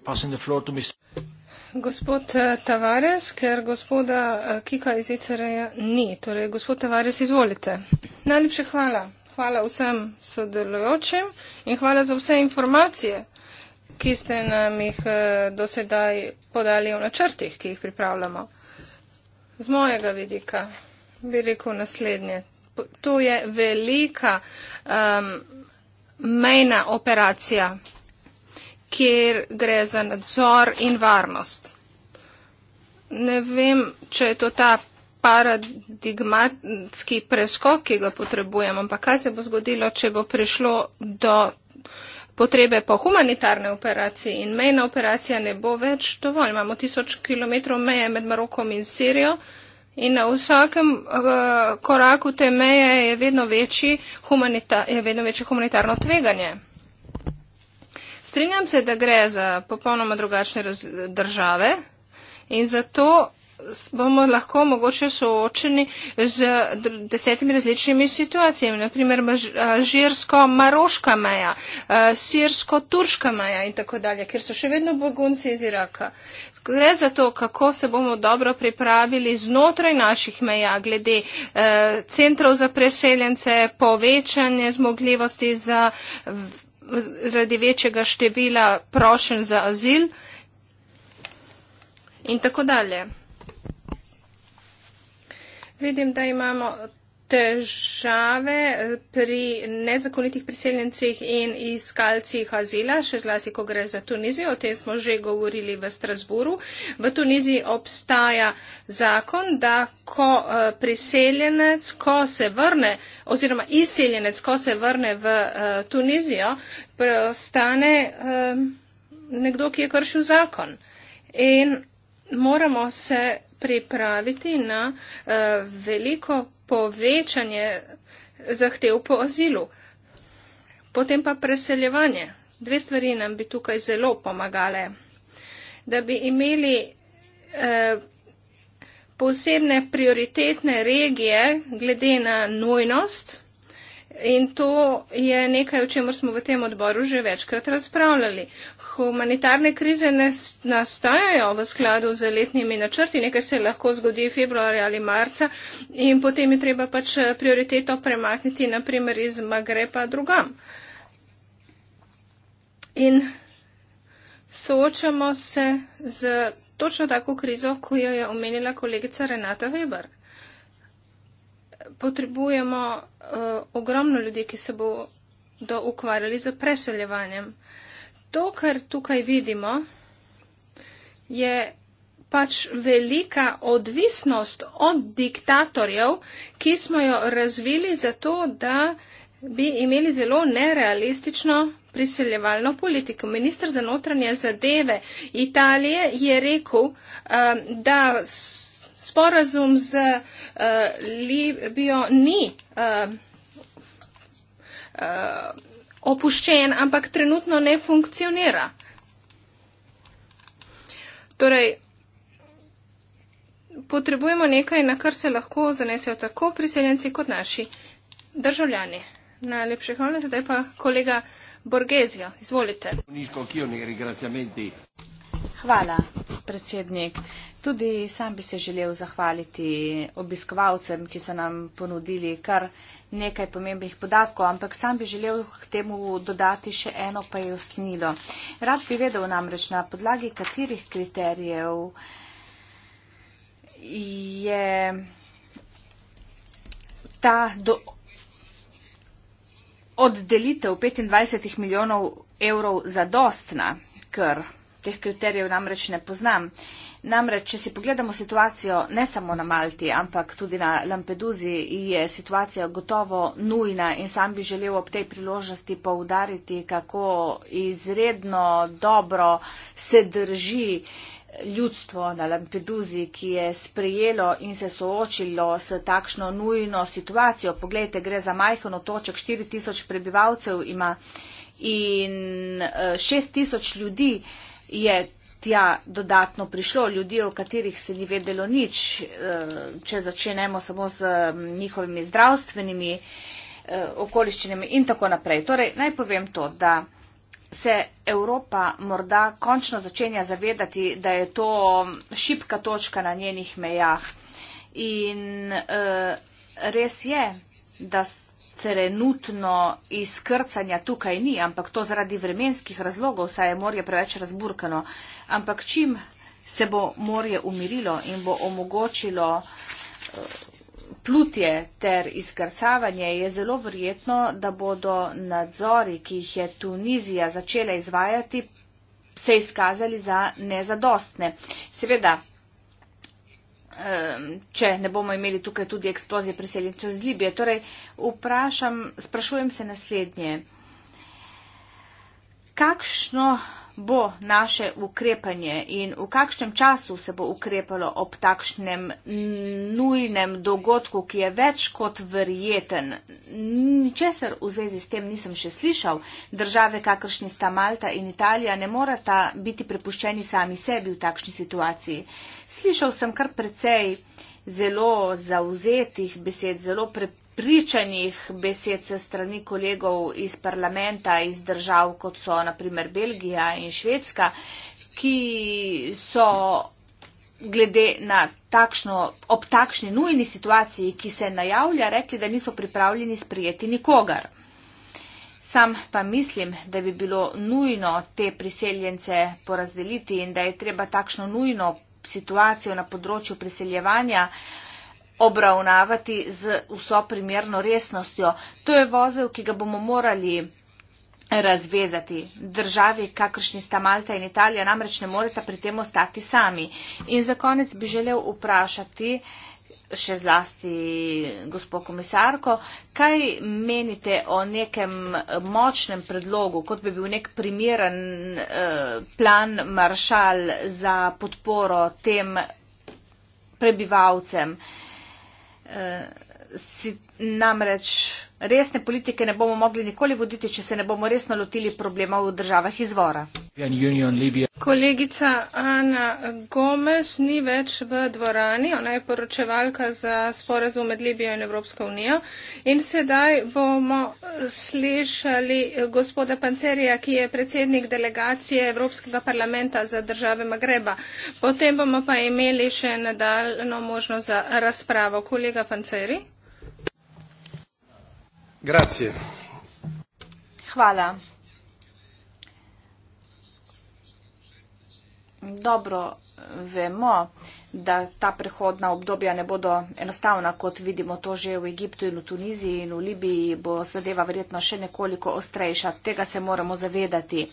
Gospod eh, Tavares, ker gospoda Kika iz Icereja ni. Torej, gospod Tavares, izvolite. Najlepše hvala. Hvala vsem sodelujočim in hvala za vse informacije, ki ste nam jih dosedaj podali v načrtih, ki jih pripravljamo. Z mojega vidika bi rekel naslednje to je velika um, mejna operacija, kjer gre za nadzor in varnost. Ne vem, če je to ta paradigmatski preskok, ki ga potrebujemo, ampak kaj se bo zgodilo, če bo prišlo do potrebe po humanitarni operaciji in mejna operacija ne bo več dovolj. Imamo tisoč kilometrov meje med Marokom in Sirijo, In na vsakem uh, koraku te meje je vedno, večji je vedno večje humanitarno tveganje. Strinjam se, da gre za popolnoma drugačne države in zato bomo lahko mogoče soočeni z desetimi različnimi situacijami, naprimer alžirsko-maroška meja, eh, sirsko-turška meja in tako dalje, kjer so še vedno begunci iz Iraka. Gre za to, kako se bomo dobro pripravili znotraj naših meja, glede eh, centrov za preseljence, povečanje zmogljivosti za, radi večjega števila prošen za azil in tako dalje. Vidim, da imamo težave pri nezakonitih priseljencih in iskalcih azila, še zlasti, ko gre za Tunizijo. O tem smo že govorili v Strasburu. V Tuniziji obstaja zakon, da ko eh, priseljenec, ko se vrne oziroma izseljenec, ko se vrne v eh, Tunizijo, stane eh, nekdo, ki je kršil zakon. In moramo se pripraviti na eh, veliko povečanje zahtev po azilu. Potem pa preseljevanje. Dve stvari nam bi tukaj zelo pomagale. Da bi imeli eh, posebne prioritetne regije glede na nujnost. In to je nekaj, o čemer smo v tem odboru že večkrat razpravljali humanitarne krize ne nastajajo v skladu z letnimi načrti, nekaj se lahko zgodi februarja ali marca in potem je treba pač eh, prioriteto premakniti, naprimer iz Magrepa drugam. In soočamo se z točno tako krizo, ko jo je omenila kolegica Renata Weber. Potrebujemo uh, ogromno ljudi, ki se bodo ukvarjali z preseljevanjem to, kar tukaj vidimo, je pač velika odvisnost od diktatorjev, ki smo jo razvili zato, da bi imeli zelo nerealistično priseljevalno politiko. Ministr za notranje zadeve Italije je rekel, eh, da sporazum z eh, Libijo ni eh, opuščen, ampak trenutno ne funkcionira. Torej, potrebujemo nekaj, na kar se lahko zanesejo tako priseljenci kot naši državljani. Najlepše hvala, zdaj pa kolega Borgezijo. Izvolite. Hvala, predsednik. Tudi sam bi se želel zahvaliti obiskovalcem, ki so nam ponudili kar nekaj pomembnih podatkov, ampak sam bi želel k temu dodati še eno pojasnilo. Rad bi vedel namreč na podlagi katerih kriterijev je ta do, oddelitev 25 milijonov evrov zadostna, ker teh kriterijev namreč ne poznam. Namreč, če si pogledamo situacijo ne samo na Malti, ampak tudi na Lampeduzi, je situacija gotovo nujna in sam bi želel ob tej priložnosti poudariti, kako izredno dobro se drži ljudstvo na Lampeduzi, ki je sprejelo in se soočilo s takšno nujno situacijo. Poglejte, gre za majhen otoček, 4000 prebivalcev ima in 6000 eh, ljudi je tja dodatno prišlo, ljudi, o katerih se ni vedelo nič, eh, če začenemo samo z mm, njihovimi zdravstvenimi eh, okoliščinami in tako naprej. Torej, naj povem to, da se Evropa morda končno začenja zavedati, da je to mm, šipka točka na njenih mejah. In eh, res je, da trenutno izkrcanja tukaj ni, ampak to zaradi vremenskih razlogov, saj je morje preveč razburkano. Ampak čim se bo morje umirilo in bo omogočilo eh, plutje ter izkrcavanje, je zelo verjetno, da bodo nadzori, ki jih je Tunizija začela izvajati, se izkazali za nezadostne. Seveda, če ne bomo imeli tukaj tudi eksplozije priseljencev iz Libije. Torej, vprašam, sprašujem se naslednje. Kakšno bo naše ukrepanje in v kakšnem času se bo ukrepalo ob takšnem nujnem dogodku, ki je več kot verjeten. Ničesar v zvezi s tem nisem še slišal. Države, kakršni sta Malta in Italija, ne morata biti prepuščeni sami sebi v takšni situaciji. Slišal sem kar precej zelo zauzetih besed, zelo prepričanih besed se strani kolegov iz parlamenta, iz držav, kot so naprimer Belgija in Švedska, ki so glede na takšno, ob takšni nujni situaciji, ki se najavlja, rekli, da niso pripravljeni sprijeti nikogar. Sam pa mislim, da bi bilo nujno te priseljence porazdeliti in da je treba takšno nujno situacijo na področju priseljevanja obravnavati z vso primerno resnostjo. To je vozel, ki ga bomo morali razvezati. Državi, kakršni sta Malta in Italija, namreč ne morete pri tem ostati sami. In za konec bi želel vprašati, še zlasti gospod komisarko, kaj menite o nekem močnem predlogu, kot bi bil nek primeren eh, plan maršal za podporo tem prebivalcem? Eh, si namreč resne politike ne bomo mogli nikoli voditi, če se ne bomo resno lotili problema v državah izvora. Kolegica Ana Gomez ni več v dvorani, ona je poročevalka za sporazum med Libijo in Evropsko unijo. In sedaj bomo slišali gospoda Pancerija, ki je predsednik delegacije Evropskega parlamenta za države Magreba. Potem bomo pa imeli še nadaljno možnost za razpravo. Kolega Panceri. Grazie. Hvala. Dobro vemo, da ta prehodna obdobja ne bodo enostavna, kot vidimo to že v Egiptu in v Tuniziji in v Libiji, bo zadeva verjetno še nekoliko ostrejša. Tega se moramo zavedati.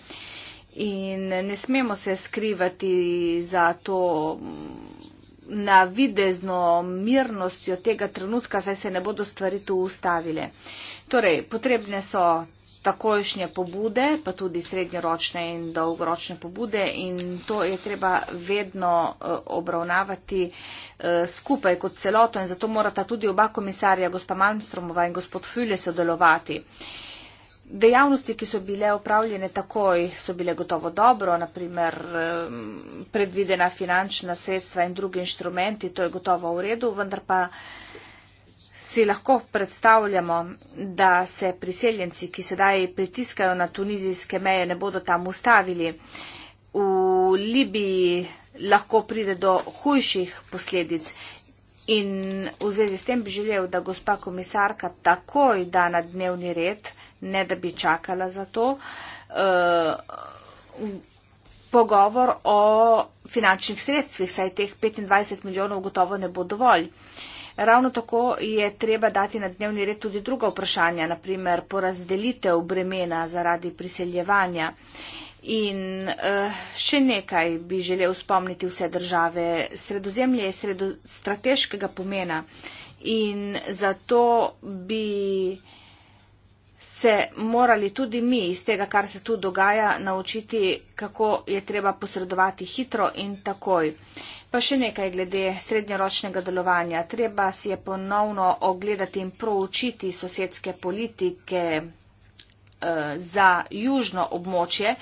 In ne smemo se skrivati za to mm, navidezno mirnostjo tega trenutka, saj se ne bodo stvari tu ustavile. Torej, potrebne so takojšnje pobude, pa tudi srednjeročne in dolgoročne pobude in to je treba vedno eh, obravnavati eh, skupaj kot celoto in zato morata tudi oba komisarja, gospa Malmstromova in gospod Füle, sodelovati. Dejavnosti, ki so bile upravljene takoj, so bile gotovo dobro, naprimer eh, predvidena finančna sredstva in drugi inštrumenti, to je gotovo v redu, vendar pa si lahko predstavljamo, da se priseljenci, ki sedaj pritiskajo na tunizijske meje, ne bodo tam ustavili. V Libiji lahko pride do hujših posledic. In v zvezi s tem bi želel, da gospa komisarka takoj da na dnevni red, ne da bi čakala za to, eh, pogovor o finančnih sredstvih, saj teh 25 milijonov gotovo ne bo dovolj. Eh, Ravno tako je treba dati na dnevni red tudi druga vprašanja, naprimer porazdelitev bremena zaradi priseljevanja. In eh, še nekaj bi želel spomniti vse države. Sredozemlje je sredo strateškega pomena in zato bi se morali tudi mi iz tega, kar se tu dogaja, naučiti, kako je treba posredovati hitro in takoj. Pa še nekaj glede srednjeročnega delovanja. Treba si je ponovno ogledati in proučiti sosedske politike eh, za južno območje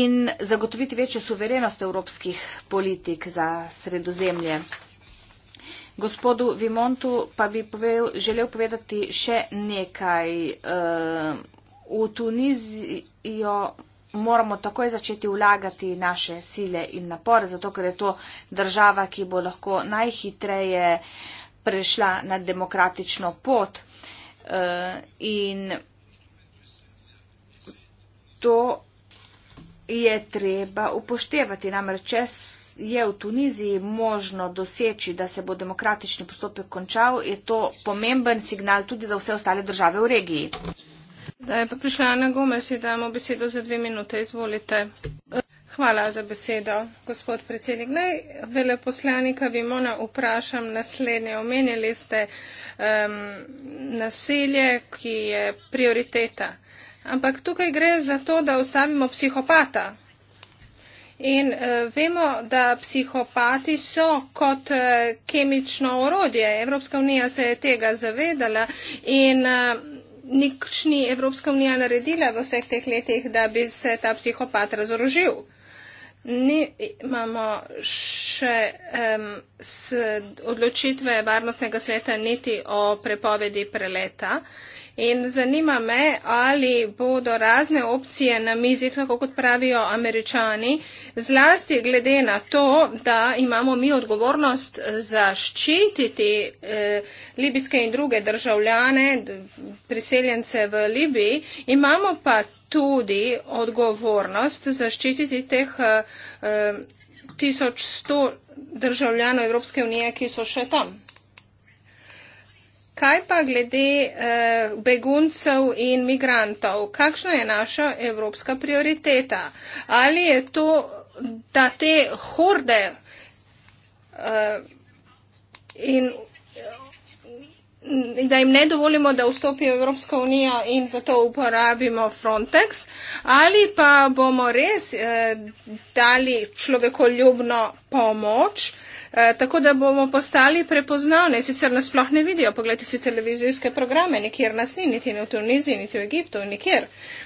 in zagotoviti večjo suverenost evropskih politik za sredozemlje. Gospodu Vimontu pa bi povedal, želel povedati še nekaj. Uh, v Tunizijo moramo takoj začeti vlagati naše sile in napore, zato ker je to država, ki bo lahko najhitreje prešla na demokratično pot. Uh, in to je treba upoštevati. Namreč, je v Tuniziji možno doseči, da se bo demokratični postopek končal, je to pomemben signal tudi za vse ostale države v regiji. Da je pa prišla Ana Gomez, ji damo besedo za dve minute, izvolite. Hvala za besedo, gospod predsednik. Naj veleposlanika Vimona vprašam naslednje. Omenili ste um, nasilje, ki je prioriteta. Ampak tukaj gre za to, da ustavimo psihopata, In uh, vemo, da psihopati so kot uh, kemično orodje. Evropska unija se je tega zavedala in uh, eh, nikš ni Evropska unija naredila v vseh teh letih, da bi se ta psihopat razorožil. Ni, imamo še um, odločitve varnostnega sveta niti o prepovedi preleta. Uh, In zanima me, ali bodo razne opcije na mizi, tako kot pravijo američani, zlasti glede na to, da imamo mi odgovornost zaščititi eh, libijske in druge državljane, priseljence v Libiji, imamo pa tudi odgovornost zaščititi teh eh, 1100 državljanov Evropske unije, ki so še tam. Kaj pa glede eh, beguncev in migrantov? Kakšna je naša evropska prioriteta? Ali je to, da te horde eh, in eh, da jim ne dovolimo, da vstopijo v Evropsko unijo in zato uporabimo Frontex, ali pa bomo res eh, dali človekoljubno pomoč eh, Eh, tako da bomo postali prepoznavni, sicer nas sploh ne vidijo, pogledajte si televizijske programe, nikjer nas ni, niti v Tuniziji, niti v Egiptu, nikjer. Uh,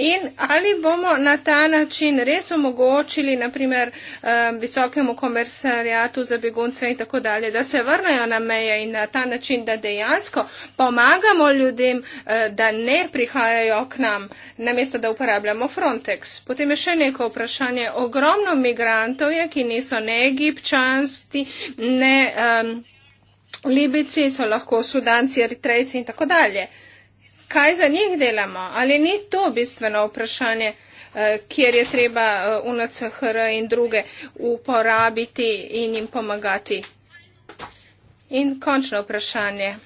In ali bomo na ta način res omogočili, naprimer, eh, visokemu komersarijatu za begunce in tako dalje, da se vrnajo na meje in na ta način, da dejansko pomagamo ljudem, eh, da ne prihajajo k nam, namesto da uporabljamo Frontex. Potem je še neko vprašanje. Ogromno migrantov je, ki niso ne egipčansti, ne um, libici, so lahko sudanci, eritrejci in tako dalje kaj za njih delamo, ali ni to bistveno vprašanje, eh, kjer je treba eh, UNCHR in druge uporabiti in jim pomagati. In končno vprašanje.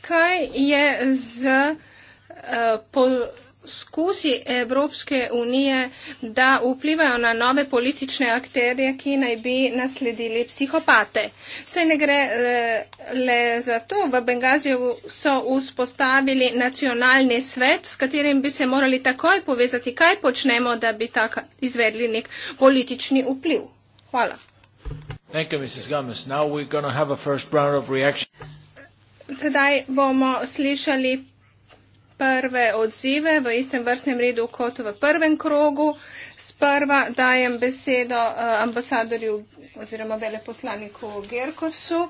Kaj je z uh, po, poskusi Evropske unije, da vplivajo na nove politične akterje, ki naj bi nasledili psihopate. Se ne gre eh, le za to, v Bengaziju so vzpostavili nacionalni svet, s katerim bi se morali takoj povezati, kaj počnemo, da bi tako izvedli nek politični vpliv. Hvala. Sedaj bomo slišali prve odzive v istem vrstnem redu kot v prvem krogu. Sprva dajem besedo eh, ambasadorju oziroma veleposlaniku Gerkosu,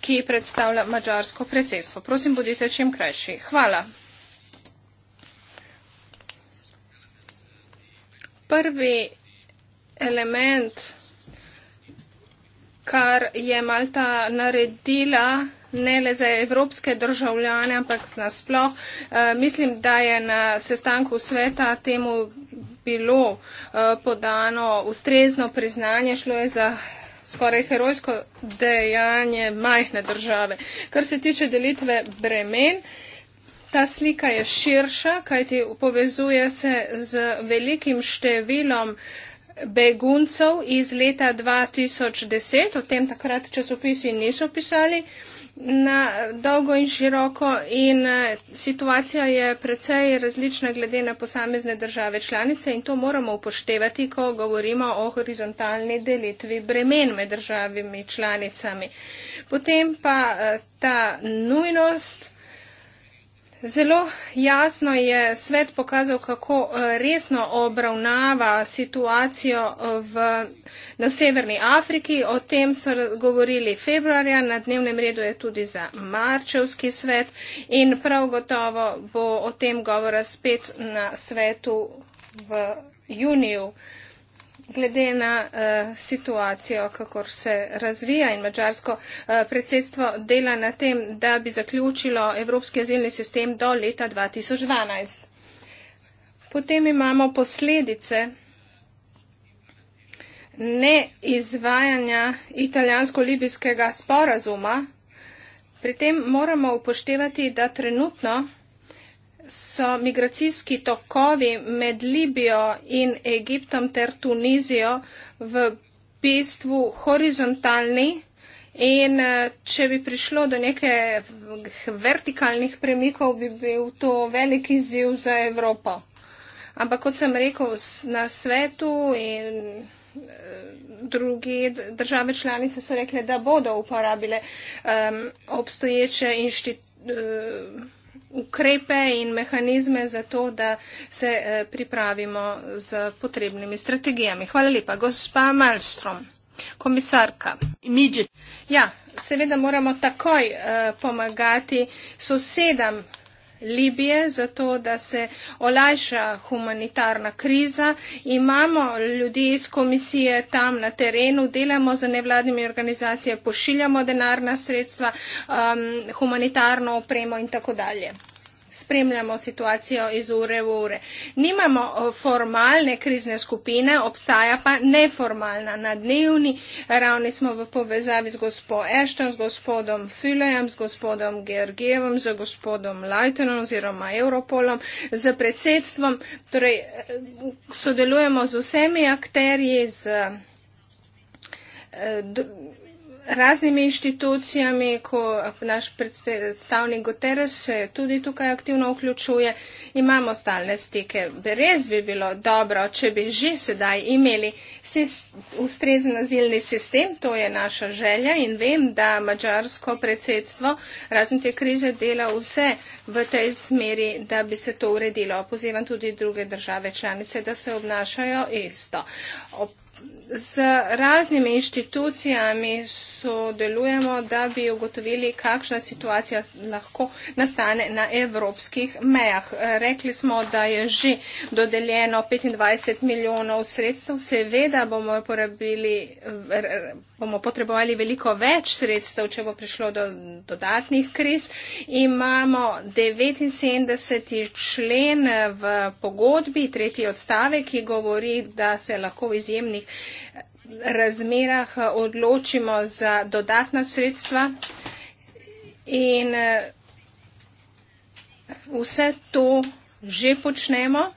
ki predstavlja mačarsko predsedstvo. Prosim, bodite čim krajši. Hvala. Prvi element, kar je Malta naredila, ne le za evropske državljane, ampak nasploh. Uh, mislim, da je na sestanku sveta temu bilo uh, podano ustrezno priznanje, šlo je za skoraj herojsko dejanje majhne države. Kar se tiče delitve bremen, ta slika je širša, kajti povezuje se z velikim številom beguncev iz leta 2010, o tem takrat časopisi niso pisali. Uh, na dolgo in široko in eh, situacija je precej različna glede na posamezne države članice in to moramo upoštevati, ko govorimo o horizontalni delitvi bremen med državami članicami. Potem pa eh, ta nujnost Zelo jasno je svet pokazal, kako eh, resno obravnava situacijo eh, v, na Severni Afriki. O tem so govorili februarja, na dnevnem redu je tudi za Marčevski svet in prav gotovo bo o tem govora spet na svetu v juniju glede na uh, situacijo, kakor se razvija in mađarsko uh, eh, predsedstvo dela na tem, da bi zaključilo evropski azilni sistem do leta 2012. Potem imamo posledice neizvajanja italijansko-libijskega sporazuma. Pri tem moramo upoštevati, da trenutno so migracijski tokovi med Libijo in Egiptom ter Tunizijo v bistvu horizontalni in eh, če bi prišlo do nekih vertikalnih premikov, bi bil to veliki ziv za Evropo. Ampak kot sem rekel, na svetu in eh, druge države članice so rekle, da bodo uporabile um, obstoječe inštitucije. Eh, um, ukrepe in mehanizme za to, da se eh, pripravimo z potrebnimi strategijami. Hvala lepa. Gospa Malstrom, komisarka. Ja, seveda moramo takoj uh, pomagati sosedam Libije, zato da se olajša humanitarna kriza. Imamo ljudi iz komisije tam na terenu, delamo za nevladnimi organizacijami, pošiljamo denarna sredstva, um, humanitarno opremo in tako dalje spremljamo situacijo iz ure v ure. Nimamo eh, formalne krizne skupine, obstaja pa neformalna. Na dnevni ravni smo v povezavi z gospo Ešton, z gospodom Fülejem, z gospodom Georgijevom, z gospodom Leitonom oziroma Europolom, z predsedstvom, torej eh, sodelujemo z vsemi akterji, z eh, raznimi inštitucijami, ko naš predstavnik Guterres se tudi tukaj aktivno vključuje, imamo stalne stike. Res bi bilo dobro, če bi že sedaj imeli ustrezen azilni sistem, to je naša želja in vem, da mačarsko predsedstvo razen te krize dela vse v tej smeri, da bi se to uredilo. Pozivam tudi druge države članice, da se obnašajo isto z raznimi inštitucijami sodelujemo, da bi ugotovili, kakšna situacija lahko nastane na evropskih mejah. Rekli smo, da je že dodeljeno 25 milijonov sredstev. Seveda bomo, porabili, bomo potrebovali veliko več sredstev, če bo prišlo do dodatnih kriz. Imamo 79. člen v pogodbi, tretji odstavek, ki govori, da se lahko v izjemnih razmerah eh, odločimo za dodatna sredstva in eh, vse to že počnemo.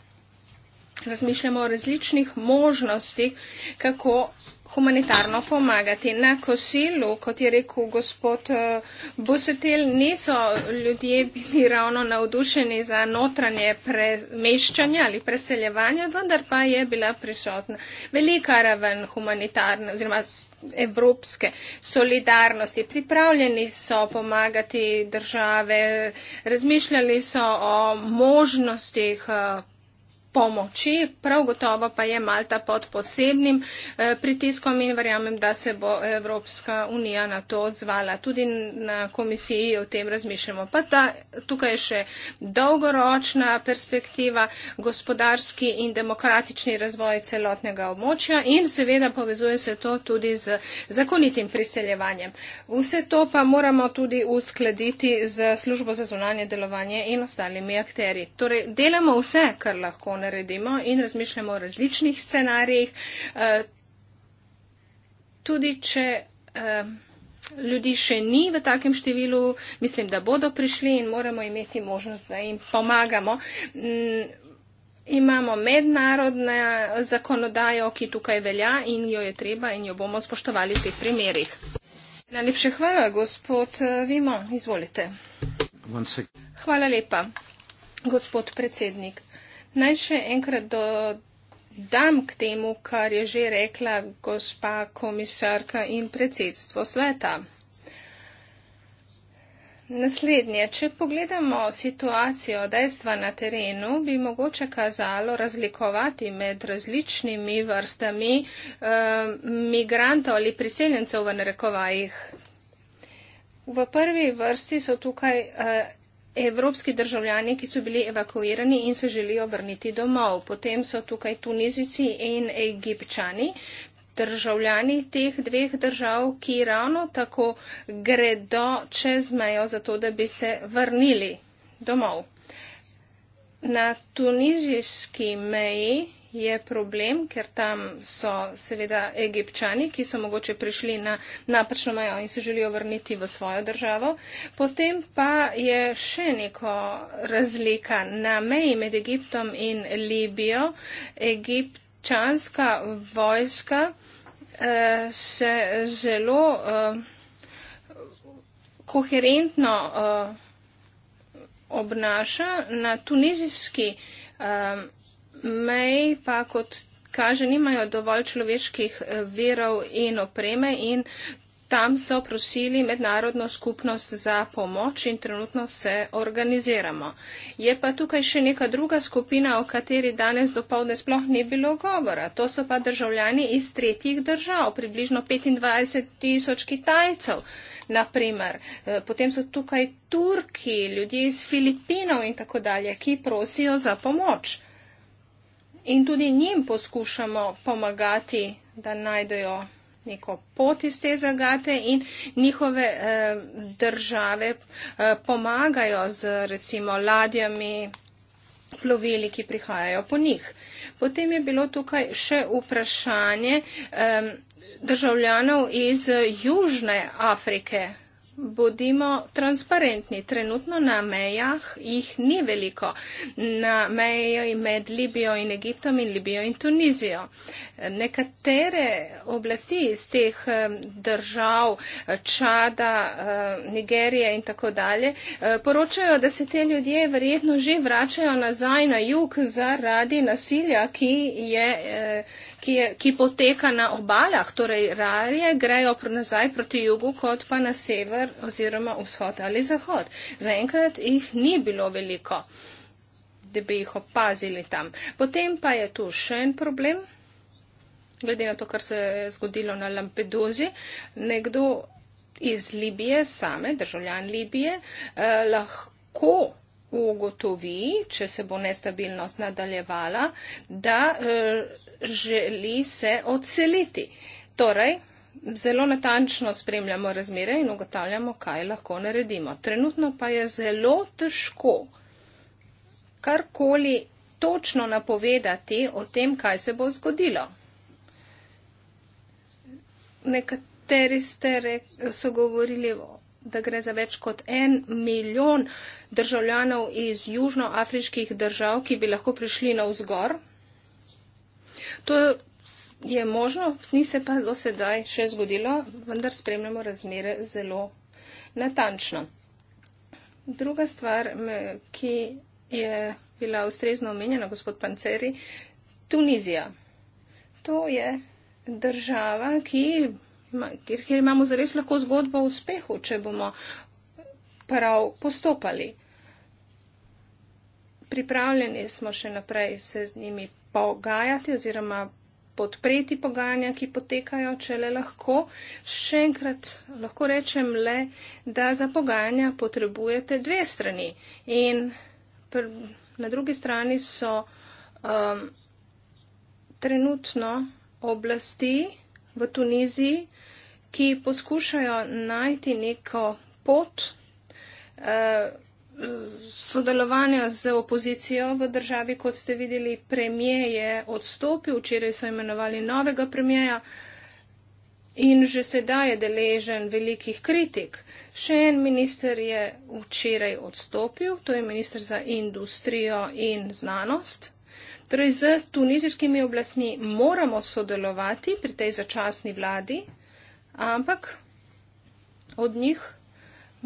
Razmišljamo o različnih možnostih, kako humanitarno pomagati. Na kosilu, kateriku gospod eh, Busetel, niso ljudje bili ravno navdušeni za notranje premeščanje ali preseljevanje, vendar pa je bila prisotna velika raven humanitarne oziroma evropske solidarnosti. Pripravljeni so pomagati države, razmišljali so o možnostih eh, pomoči, prav gotovo pa je Malta pod posebnim eh, pritiskom in verjamem, da se bo Evropska unija na to odzvala. Tudi na komisiji o tem razmišljamo. Pa ta, tukaj je še dolgoročna perspektiva, gospodarski in demokratični razvoj celotnega območja in seveda povezuje se to tudi z zakonitim priseljevanjem. Vse to pa moramo tudi uskladiti z službo za zunanje delovanje in ostalimi akteri. Torej, delamo vse, kar lahko naredimo in razmišljamo o različnih scenarijih. Eh, tudi če eh, ljudi še ni v takem številu, mislim, da bodo prišli in moramo imeti možnost, da jim pomagamo. Mm, imamo mednarodno zakonodajo, ki tukaj velja in jo je treba in jo bomo spoštovali v teh primerih. Najlepše hvala, gospod eh, Vimo. Izvolite. Hvala lepa, gospod predsednik. Naj še enkrat dodam k temu, kar je že rekla gospa komisarka in predsedstvo sveta. Naslednje, če pogledamo situacijo dejstva na terenu, bi mogoče kazalo razlikovati med različnimi vrstami eh, migrantov ali priseljencev v narekovajih. V prvi vrsti so tukaj eh, evropski državljani, ki so bili evakuirani in se želijo vrniti domov. Potem so tukaj Tunizici in Egipčani, državljani teh dveh držav, ki ravno tako gredo čez mejo, zato da bi se vrnili domov. Na tunizijski meji je problem, ker tam so seveda egipčani, ki so mogoče prišli na napačno mejo in se želijo vrniti v svojo državo. Potem pa je še neko razlika na meji med Egiptom in Libijo. Egipčanska vojska eh, se zelo eh, koherentno eh, obnaša na tunizijski eh, May pa kot kaže, nimajo dovolj človeških eh, verov in opreme in tam so prosili mednarodno skupnost za pomoč in trenutno se organiziramo. Je pa tukaj še neka druga skupina, o kateri danes do povdne sploh ni bilo govora. To so pa državljani iz tretjih držav, približno 25 tisoč Kitajcev. Naprimer, eh, potem so tukaj Turki, ljudje iz Filipinov in tako dalje, ki prosijo za pomoč in tudi njim poskušamo pomagati, da najdejo neko pot iz te zagate in njihove eh, države eh, pomagajo z recimo ladjami, plovili, ki prihajajo po njih. Potem je bilo tukaj še vprašanje eh, državljanov iz Južne Afrike, Bodimo transparentni. Trenutno na mejah jih ni veliko. Na meji med Libijo in Egiptom in Libijo in Tunizijo. Nekatere oblasti iz teh držav, Čada, Nigerije in tako dalje, poročajo, da se te ljudje verjetno že vračajo nazaj na jug zaradi nasilja, ki je. Eh, ki, je, ki poteka na obalah, torej rarje grejo nazaj proti jugu, kot pa na sever oziroma vzhod ali zahod. Zaenkrat jih ni bilo veliko, da bi jih opazili tam. Potem pa je tu še en problem, glede na to, kar se je zgodilo na Lampeduzi. Nekdo iz Libije, same državljan Libije, eh, lahko lahko ugotovi, če se bo nestabilnost nadaljevala, da eh, želi se odseliti. Torej, zelo natančno spremljamo razmere in ugotavljamo, kaj lahko naredimo. Trenutno pa je zelo težko karkoli točno napovedati o tem, kaj se bo zgodilo. Nekateri ste re, so govorili o da gre za več kot en milijon državljanov iz južnoafriških držav, ki bi lahko prišli na vzgor. To je možno, ni se pa do sedaj še zgodilo, vendar spremljamo razmere zelo natančno. Druga stvar, ki je bila ustrezno omenjena, gospod Panceri, Tunizija. To je država, ki kjer, kjer imamo zares lahko zgodbo o uspehu, če bomo prav postopali. Pripravljeni smo še naprej se z njimi pogajati oziroma podpreti pogajanja, ki potekajo, če le lahko. Še enkrat lahko rečem le, da za pogajanja potrebujete dve strani. In pr, na drugi strani so um, trenutno oblasti, v Tuniziji, ki poskušajo najti neko pot eh, sodelovanja z opozicijo v državi, kot ste videli, premije je odstopil, včeraj so imenovali novega premijeja in že sedaj je deležen velikih kritik. Še en minister je včeraj odstopil, to je minister za industrijo in znanost. Torej, z tunizijskimi oblastmi moramo sodelovati pri tej začasni vladi, ampak od njih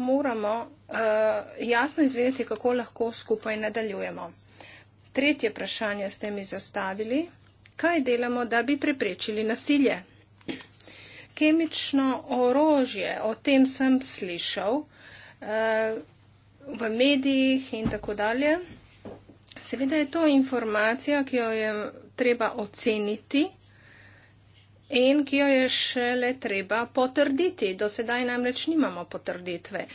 moramo uh, jasno izvedeti, kako lahko skupaj nadaljujemo. Tretje vprašanje ste mi zastavili. Kaj delamo, da bi preprečili nasilje? Kemično orožje, o tem sem slišal uh, v medijih in tako dalje. Seveda je to informacija, ki jo je treba oceniti in ki jo je šele treba potrditi. Do sedaj namreč nimamo potrditve.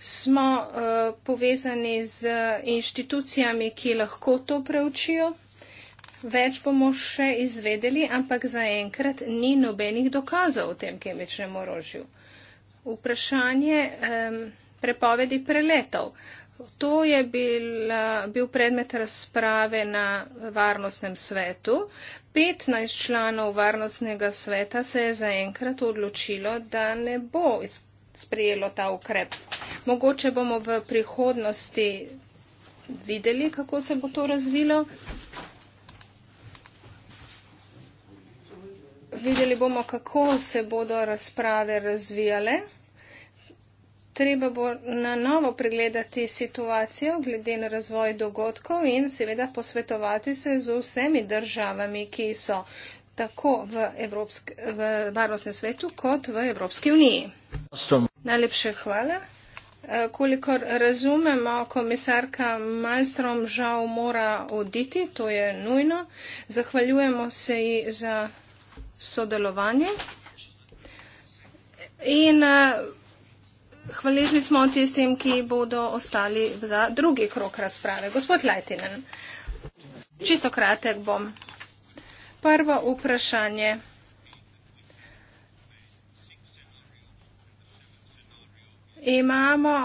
Smo uh, povezani z inštitucijami, ki lahko to preučijo. Več bomo še izvedeli, ampak zaenkrat ni nobenih dokazov o tem kemičnem orožju. Vprašanje um, prepovedi preletov. Uh, To je bil, bil predmet razprave na varnostnem svetu. 15 članov varnostnega sveta se je zaenkrat odločilo, da ne bo sprejelo ta ukrep. Mogoče bomo v prihodnosti videli, kako se bo to razvilo. Videli bomo, kako se bodo razprave razvijale treba bo na novo pregledati situacijo glede na razvoj dogodkov in seveda posvetovati se z vsemi državami, ki so tako v, Evropski, v varnostnem svetu kot v Evropski uniji. Stom. Najlepše hvala. E, kolikor razumemo, komisarka Malstrom žal mora oditi, to je nujno. Zahvaljujemo se ji za sodelovanje. In, uh, hvaležni smo tistim, ki bodo ostali za drugi krok razprave. Gospod Lajtinen, čisto kratek bom. Prvo vprašanje. Imamo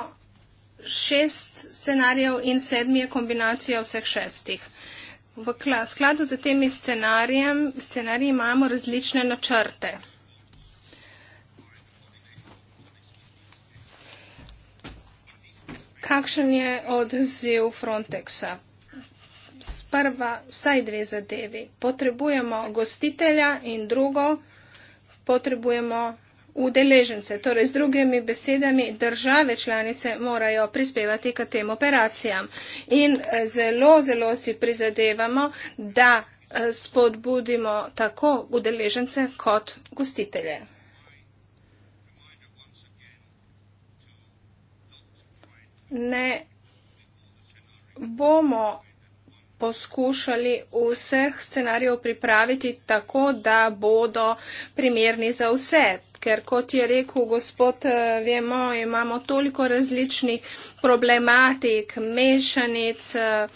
šest scenarijev in sedmi je kombinacija vseh šestih. V skladu z temi scenarijem, scenariji imamo različne načrte. Kakšen je odziv Frontexa? Sprva vsaj dve zadevi. Potrebujemo gostitelja in drugo, potrebujemo udeležence. Torej, z drugimi besedami, države članice morajo prispevati k tem operacijam. In eh, zelo, zelo si prizadevamo, da eh, spodbudimo tako udeležence kot gostitelje. ne bomo poskušali vseh scenarijev pripraviti tako, da bodo primerni za vse. Ker kot je rekel gospod, eh, vemo, imamo toliko različnih problematik, mešanic. Uh,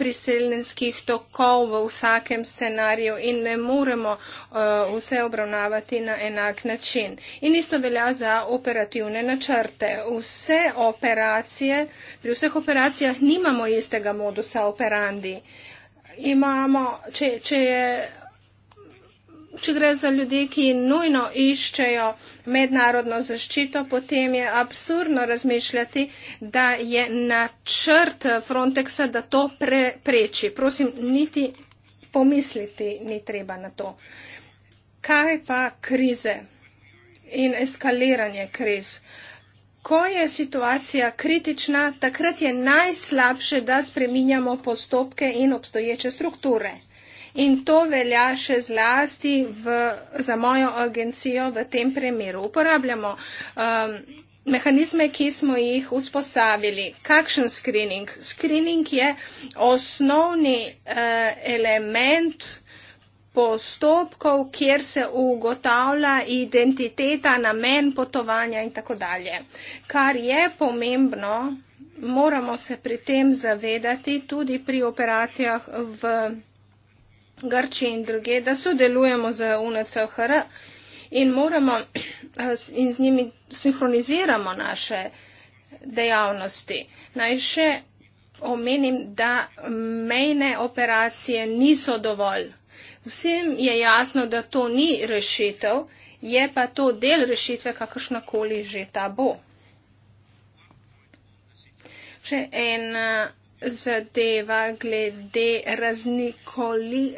priseljenskih tokov v vsakem scenariju in ne moremo uh, vse obravnavati na enak način. In isto velja za operativne načrte. Vse operacije, pri vseh operacijah nimamo istega modusa operandi. Imamo, če, če je če gre za ljudi, ki nujno iščejo mednarodno zaščito, potem je absurdno razmišljati, da je načrt Frontexa, da to prepreči. Prosim, niti pomisliti ni treba na to. Kaj pa krize in eskaliranje kriz? Ko je situacija kritična, takrat je najslabše, da spreminjamo postopke in obstoječe strukture. In to velja še zlasti v, za mojo agencijo v tem primeru. Uporabljamo um, mehanizme, ki smo jih vzpostavili. Kakšen screening? Screening je osnovni uh, element postopkov, kjer se ugotavlja identiteta, namen potovanja in tako dalje. Kar je pomembno, moramo se pri tem zavedati tudi pri operacijah v Grčiji in druge, da sodelujemo z UNCHR in moramo eh, in z njimi sinhroniziramo naše dejavnosti. Naj še omenim, da mejne operacije niso dovolj. Vsem je jasno, da to ni rešitev, je pa to del rešitve, kakršnakoli že ta bo. Še ena. Eh, zadeva glede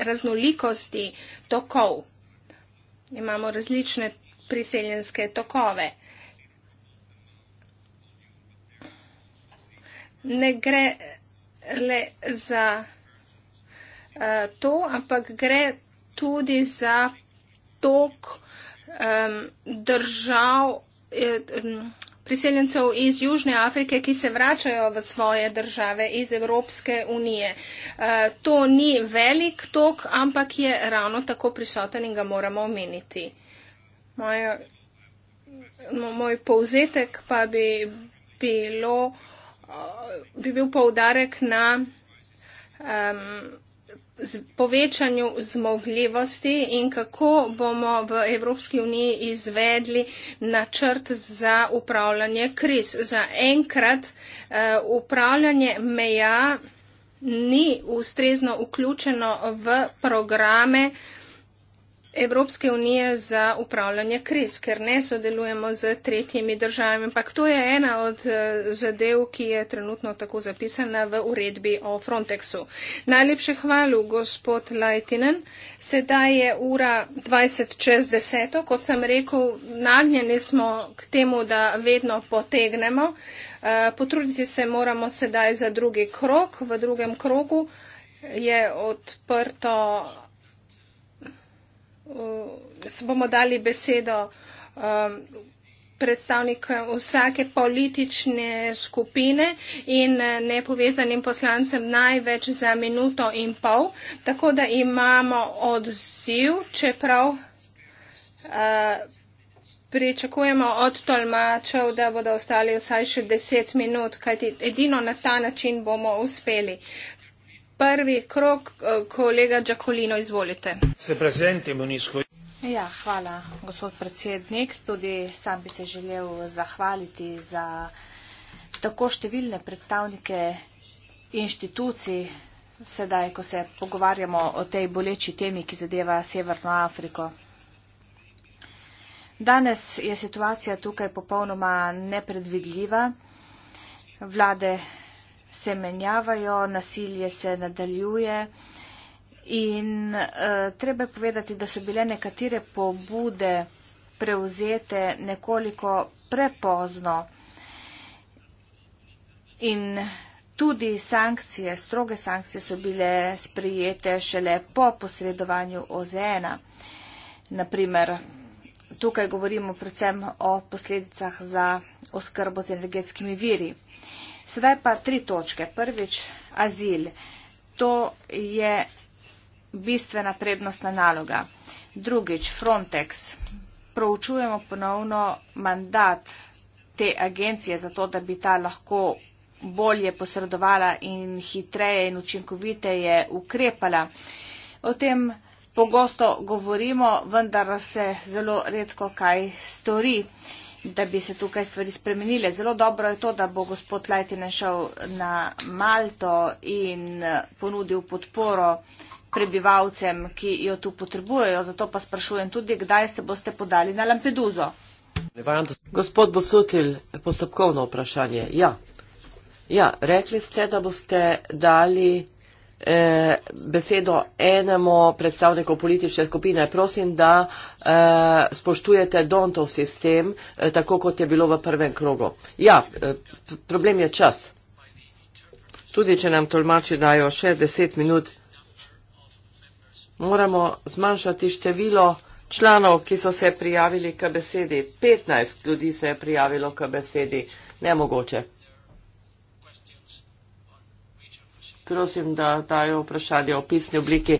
raznolikosti tokov. Imamo različne priseljenske tokove. Ne gre le za uh, to, ampak gre tudi za tok um, držav, eh, ehm, priseljencev iz Južne Afrike, ki se vračajo v svoje države iz Evropske unije. Eh, to ni velik tok, ampak je ravno tako prisoten in ga moramo omeniti. Moj, no, moj povzetek pa bi, bilo, eh, bi bil poudarek na. Um, povečanju zmogljivosti in kako bomo v Evropski uniji izvedli načrt za upravljanje kriz. Za enkrat eh, upravljanje meja ni ustrezno vključeno v programe eh, Evropske unije za upravljanje kriz, ker ne sodelujemo z tretjimi državami. Ampak to je ena od eh, zadev, ki je trenutno tako zapisana v uredbi o Frontexu. Najlepše hvala, gospod Leitinen. Sedaj je ura 20 čez 10. Kot sem rekel, nagnjeni smo k temu, da vedno potegnemo. Eh, potruditi se moramo sedaj za drugi krok. V drugem krogu je odprto. Uh, se bomo dali besedo um, predstavnikom vsake politične skupine in uh, nepovezanim poslancem največ za minuto in pol, tako da imamo odziv, čeprav uh, pričakujemo od tolmačev, da bodo ostali vsaj še deset minut, kajti edino na ta način bomo uspeli prvi krok, eh, kolega Đakolino, izvolite. Se prezente, Monisko. Ja, hvala, gospod predsednik. Tudi sam bi se želel zahvaliti za tako številne predstavnike inštitucij, sedaj, ko se pogovarjamo o tej boleči temi, ki zadeva Severno Afriko. Danes je situacija tukaj popolnoma nepredvidljiva. Vlade se menjavajo, nasilje se nadaljuje. In uh, treba je povedati, da so bile nekatere pobude prevzete nekoliko prepozno. In tudi sankcije, stroge sankcije so bile sprijete šele po posredovanju OZN-a. Naprimer, tukaj govorimo predvsem o posledicah za oskrbo z energetskimi viri. Sedaj pa tri točke. Prvič, azil. To je bistvena prednostna naloga. Drugič, Frontex. Proučujemo ponovno mandat te agencije za to, da bi ta lahko bolje posredovala in hitreje in učinkoviteje ukrepala. O tem pogosto govorimo, vendar se zelo redko kaj stori. Uh, da bi se tukaj stvari spremenile. Zelo dobro je to, da bo gospod Lajtinen šel na Malto in eh, ponudil podporo prebivalcem, ki jo tu potrebujejo. Zato pa sprašujem tudi, kdaj se boste podali na Lampeduzo. Gospod Bosukil, postopkovno vprašanje. Ja. ja, rekli ste, da boste dali Eh, besedo enemu predstavniku politične skupine. Prosim, da eh, spoštujete Dontov sistem, eh, tako kot je bilo v prvem krogu. Ja, problem je čas. Tudi, če nam tolmači dajo še deset minut, moramo zmanjšati število članov, ki so se prijavili k besedi. 15 ljudi se je prijavilo k besedi. Nemogoče. prosim, da dajo vprašanje v pisni obliki.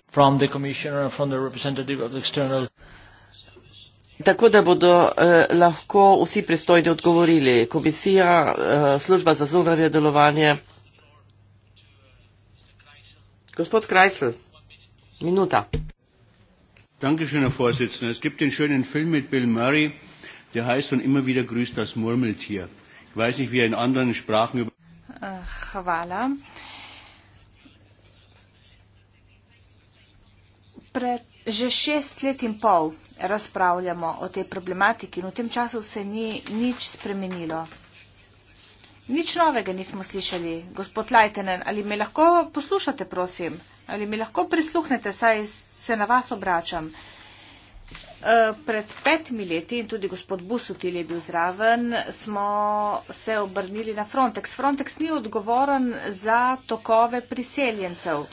Tako, da bodo eh, lahko vsi pristojni odgovorili. Komisija, eh, služba za zunanje delovanje. Gospod Krajsl, minuta. Er äh, hvala. pred že šest let in pol razpravljamo o tej problematiki in v tem času se ni nič spremenilo. Nič novega nismo slišali, gospod Lajtenen. Ali me lahko poslušate, prosim? Ali mi lahko prisluhnete, saj se na vas obračam? E, pred petimi leti, in tudi gospod Busutil je bil zraven, smo se obrnili na Frontex. Frontex ni odgovoren za tokove priseljencev.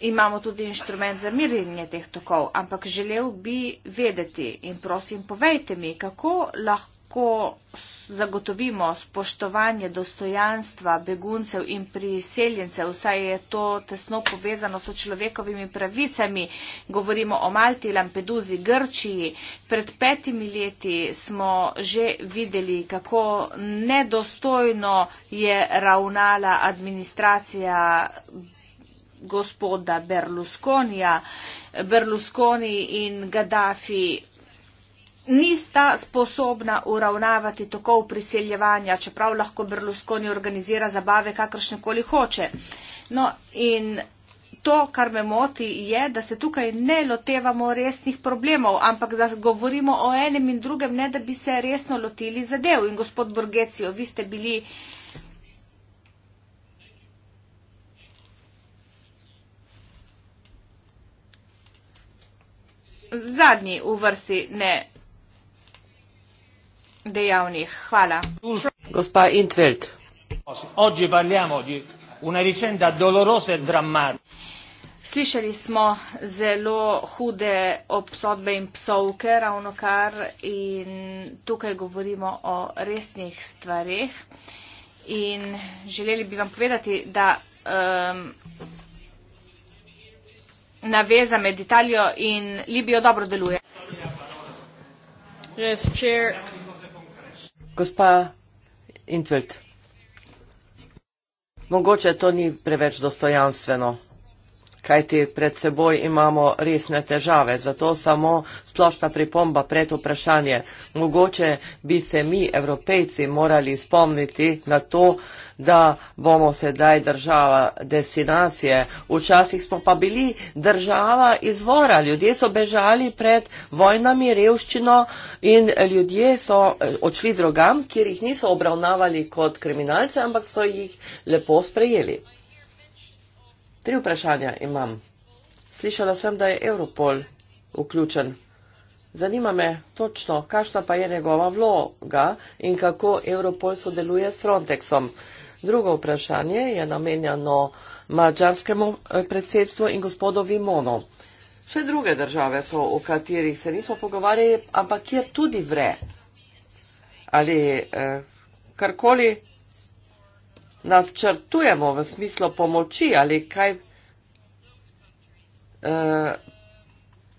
Imamo tudi inštrument za mirjenje teh tokov, ampak želel bi vedeti in prosim, povejte mi, kako lahko zagotovimo spoštovanje dostojanstva beguncev in priseljencev, saj je to tesno povezano s človekovimi pravicami. Govorimo o Malti, Lampeduzi, Grčiji. Pred petimi leti smo že videli, kako nedostojno je ravnala administracija beguncev gospoda Berlusconija. Berlusconi in Gaddafi nista sposobna uravnavati tako priseljevanja, čeprav lahko Berlusconi organizira zabave kakršne koli hoče. No, in to, kar me moti, je, da se tukaj ne lotevamo resnih problemov, ampak da govorimo o enem in drugem, ne da bi se resno lotili zadev. In gospod Borgecijo, vi ste bili uh, zadnji v vrsti ne dejavnih. Hvala. Gospa Intveld. Oggi parliamo di una vicenda dolorosa e drammatica. Slišali smo zelo hude obsodbe in psovke ravno kar in tukaj govorimo o resnih stvarih. In želeli bi vam povedati, da um, naveza med Italijo in Libijo dobro deluje. Yes, Gospa Intvelt, mogoče to ni preveč dostojanstveno kajti pred seboj imamo resne težave. Zato samo splošna pripomba pred vprašanje. Mogoče bi se mi, evropejci, morali spomniti na to, da bomo sedaj država destinacije. Včasih smo pa bili država izvora. Ljudje so bežali pred vojnami, revščino in ljudje so eh, odšli drugam, kjer jih niso obravnavali kot kriminalce, ampak so jih lepo sprejeli. Tri vprašanja imam. Slišala sem, da je Europol vključen. Zanima me točno, kakšna pa je njegova vloga in kako Europol sodeluje s Frontexom. Drugo vprašanje je namenjeno mađarskemu eh, predsedstvu in gospodu Vimono. Še druge države so, o katerih se nismo pogovarjali, ampak kjer tudi vre. Ali eh, karkoli načrtujemo v smislu pomoči ali kaj eh,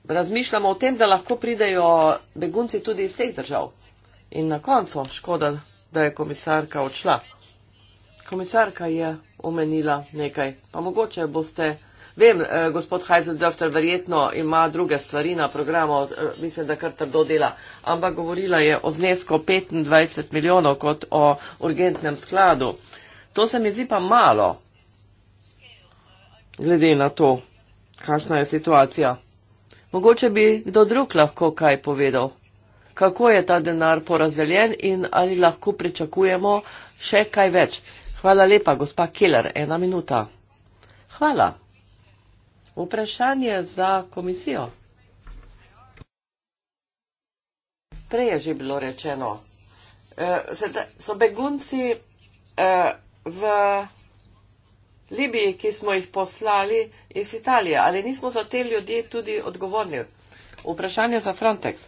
razmišljamo o tem, da lahko pridejo begunci tudi iz teh držav. In na koncu škoda, da je komisarka odšla. Komisarka je omenila nekaj, pa mogoče boste, vem, eh, gospod Heiseldorfer verjetno ima druge stvari na programu, eh, mislim, da kar trdo dela, ampak govorila je o znesku 25 milijonov kot o urgentnem skladu. To se mi zdi pa malo, glede na to, kakšna je situacija. Mogoče bi kdo drug lahko kaj povedal, kako je ta denar porazdeljen in ali lahko pričakujemo še kaj več. Hvala lepa, gospa Keller, ena minuta. Hvala. Vprašanje za komisijo. Prej je že bilo rečeno, eh, so begunci eh, v Libiji, ki smo jih poslali iz Italije. Ali nismo za te ljudi tudi odgovorni? Vprašanje za Frontex.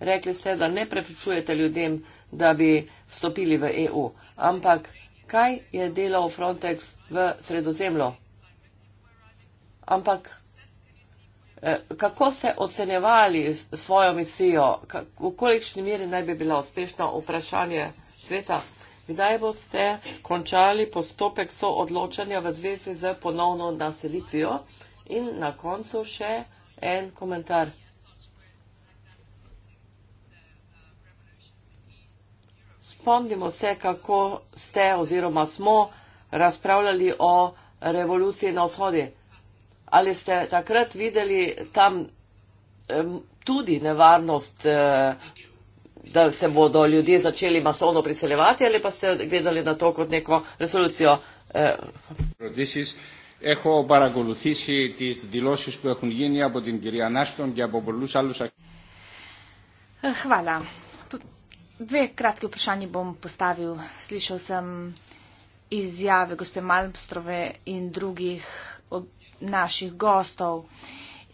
Rekli ste, da ne preprečujete ljudem, da bi vstopili v EU. Ampak kaj je delal Frontex v sredozemlju? Ampak eh, kako ste ocenjevali svojo misijo? V kolikšni meri naj bi bila uspešna vprašanje sveta? Kdaj boste končali postopek soodločanja v zvezi z ponovno naselitvijo? In na koncu še en komentar. Spomnimo se, kako ste oziroma smo razpravljali o revoluciji na vzhodi. Ali ste takrat videli tam tudi nevarnost eh, da se bodo ljudje začeli masovno priseljevati ali pa ste gledali na to kot neko resolucijo? Eh. Έχω παρακολουθήσει τι δηλώσει που έχουν γίνει από την κυρία Νάστον και από πολλού άλλου. Χβάλα. Δύο κράτη προσάνη που μου ποστάβει. Σλίσω σαν ιδιάβε, κοσπέ Μάλμστροβε, ιν ντρούγγιχ, ο Νάσιχ Γκόστοου.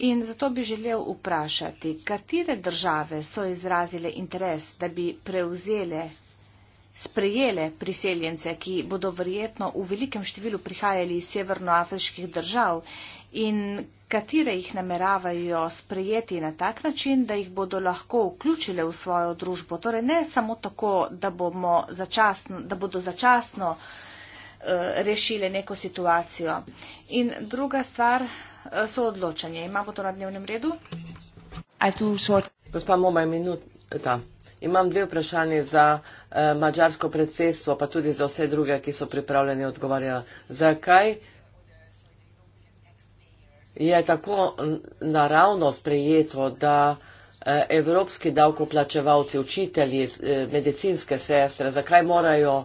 In zato bi želel vprašati, katere države so izrazile interes, da bi prevzele, sprejele priseljence, ki bodo verjetno v velikem številu prihajali iz severnoafriških držav in katere jih nameravajo sprejeti na tak način, da jih bodo lahko vključile v svojo družbo. Torej ne samo tako, da, začasno, da bodo začasno uh, rešile neko situacijo. In druga stvar, Eh, soodločanje. Imamo to na dnevnem redu? Gospa Moma, minuta. Imam dve vprašanje za eh, mađarsko predsedstvo, pa tudi za vse druge, ki so pripravljeni odgovarjati. Zakaj je tako naravno sprejeto, da eh, evropski davkoplačevalci, učitelji, eh, medicinske sestre, zakaj morajo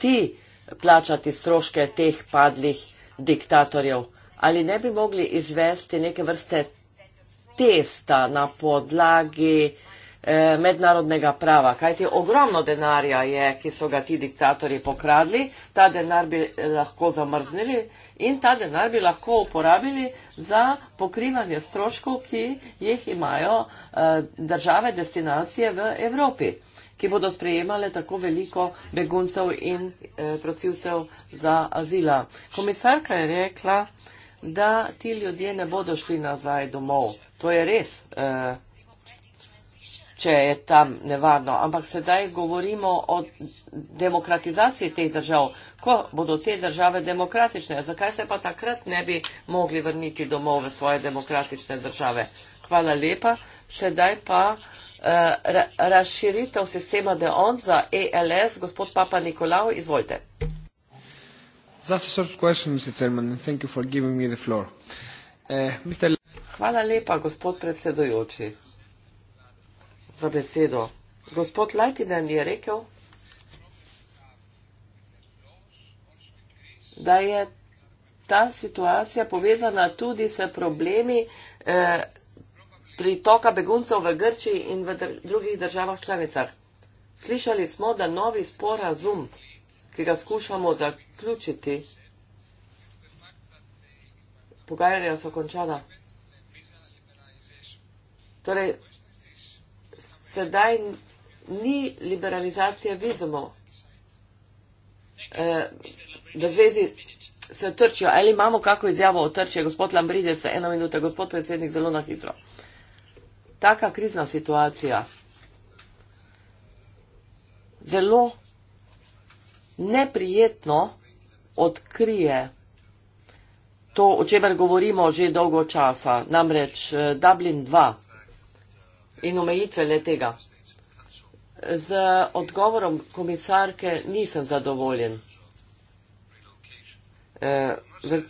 ti plačati stroške teh padlih diktatorjev? Eh, ali ne bi mogli izvesti neke vrste testa na podlagi eh, mednarodnega prava, kajti ogromno denarja je, ki so ga ti diktatorji pokradli, ta denar bi lahko zamrznili in ta denar bi lahko uporabili za pokrivanje stroškov, ki jih imajo eh, države, destinacije v Evropi, ki bodo sprejemale tako veliko beguncev in eh, prosilcev za azila. Komisarka je rekla, da da ti ljudje ne bodo šli nazaj domov. To je res, eh, če je tam nevarno. Ampak sedaj govorimo o demokratizaciji teh držav. Ko bodo te države demokratične, zakaj se pa takrat ne bi mogli vrniti domov v svoje demokratične države? Hvala lepa. Sedaj pa eh, razširitev sistema DEON za ELS, gospod Papa Nikolao, izvolite. Just a short question, Mr. Chairman, and thank you for giving me the floor. Uh, Hvala lepa, gospod predsedojoči, za besedo. Gospod Lajtinen je rekel, da je ta situacija povezana tudi s problemi eh, pritoka beguncev v Grčiji in v dr drugih državah članicah. Slišali smo, da novi sporazum ki ga skušamo zaključiti. Pogajanja so končana. Torej, sedaj ni liberalizacije vizumov. Eh, v zvezi s Trčijo. Ali imamo kako izjavo o Trčiji? Gospod Lambridec, ena minuta. Gospod predsednik, zelo na hitro. Taka krizna situacija. Zelo neprijetno odkrije to, o čemer govorimo že dolgo časa, namreč eh, Dublin 2 in omejitve le tega. Z odgovorom komisarke nisem zadovoljen. Eh, v,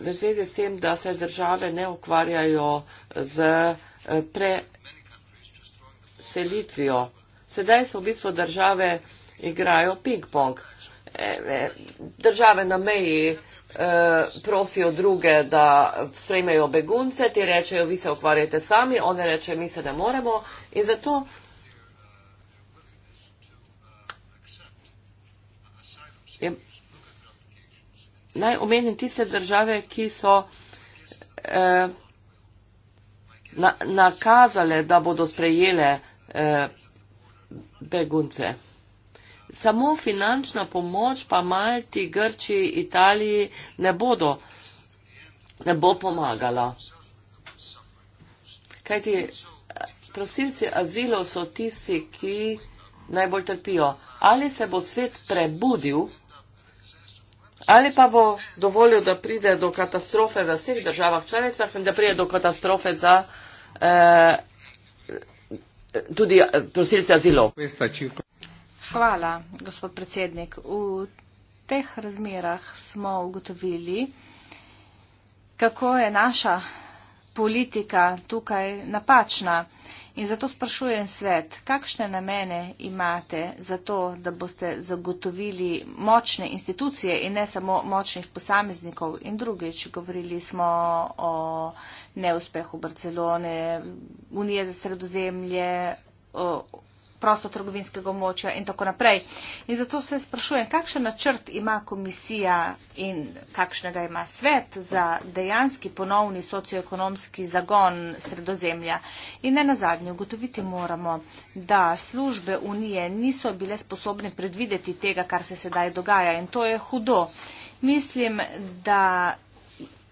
v zvezi s tem, da se države ne ukvarjajo z eh, preselitvijo. Sedaj so v bistvu države igrajo ping-pong države na meji eh, prosijo druge, da sprejmejo begunce, ti rečejo, vi se ukvarjate sami, one reče, mi se ne moremo in zato je, naj omenim tiste države, ki so eh, na, nakazale, da bodo sprejele eh, begunce samo finančna pomoč pa Malti, Grčiji, Italiji ne bodo, ne bo pomagala. Kajti eh, prosilci azilov so tisti, ki najbolj trpijo. Ali se bo svet prebudil, ali pa bo dovolil, da pride do katastrofe v vseh državah članicah in da pride do katastrofe za eh, tudi eh, prosilce azilov. Hvala, gospod predsednik. V teh razmerah smo ugotovili, kako je naša politika tukaj napačna. In zato sprašujem svet, kakšne namene imate za to, da boste zagotovili močne institucije in ne samo močnih posameznikov. In drugič, govorili smo o neuspehu Barcelone, Unije za sredozemlje, prostotrgovinskega območja in tako naprej. In zato se sprašujem, kakšen načrt ima komisija in kakšnega ima svet za dejanski ponovni socioekonomski zagon sredozemlja. In ne nazadnje, ugotoviti moramo, da službe unije niso bile sposobne predvideti tega, kar se sedaj dogaja. In to je hudo. Mislim, da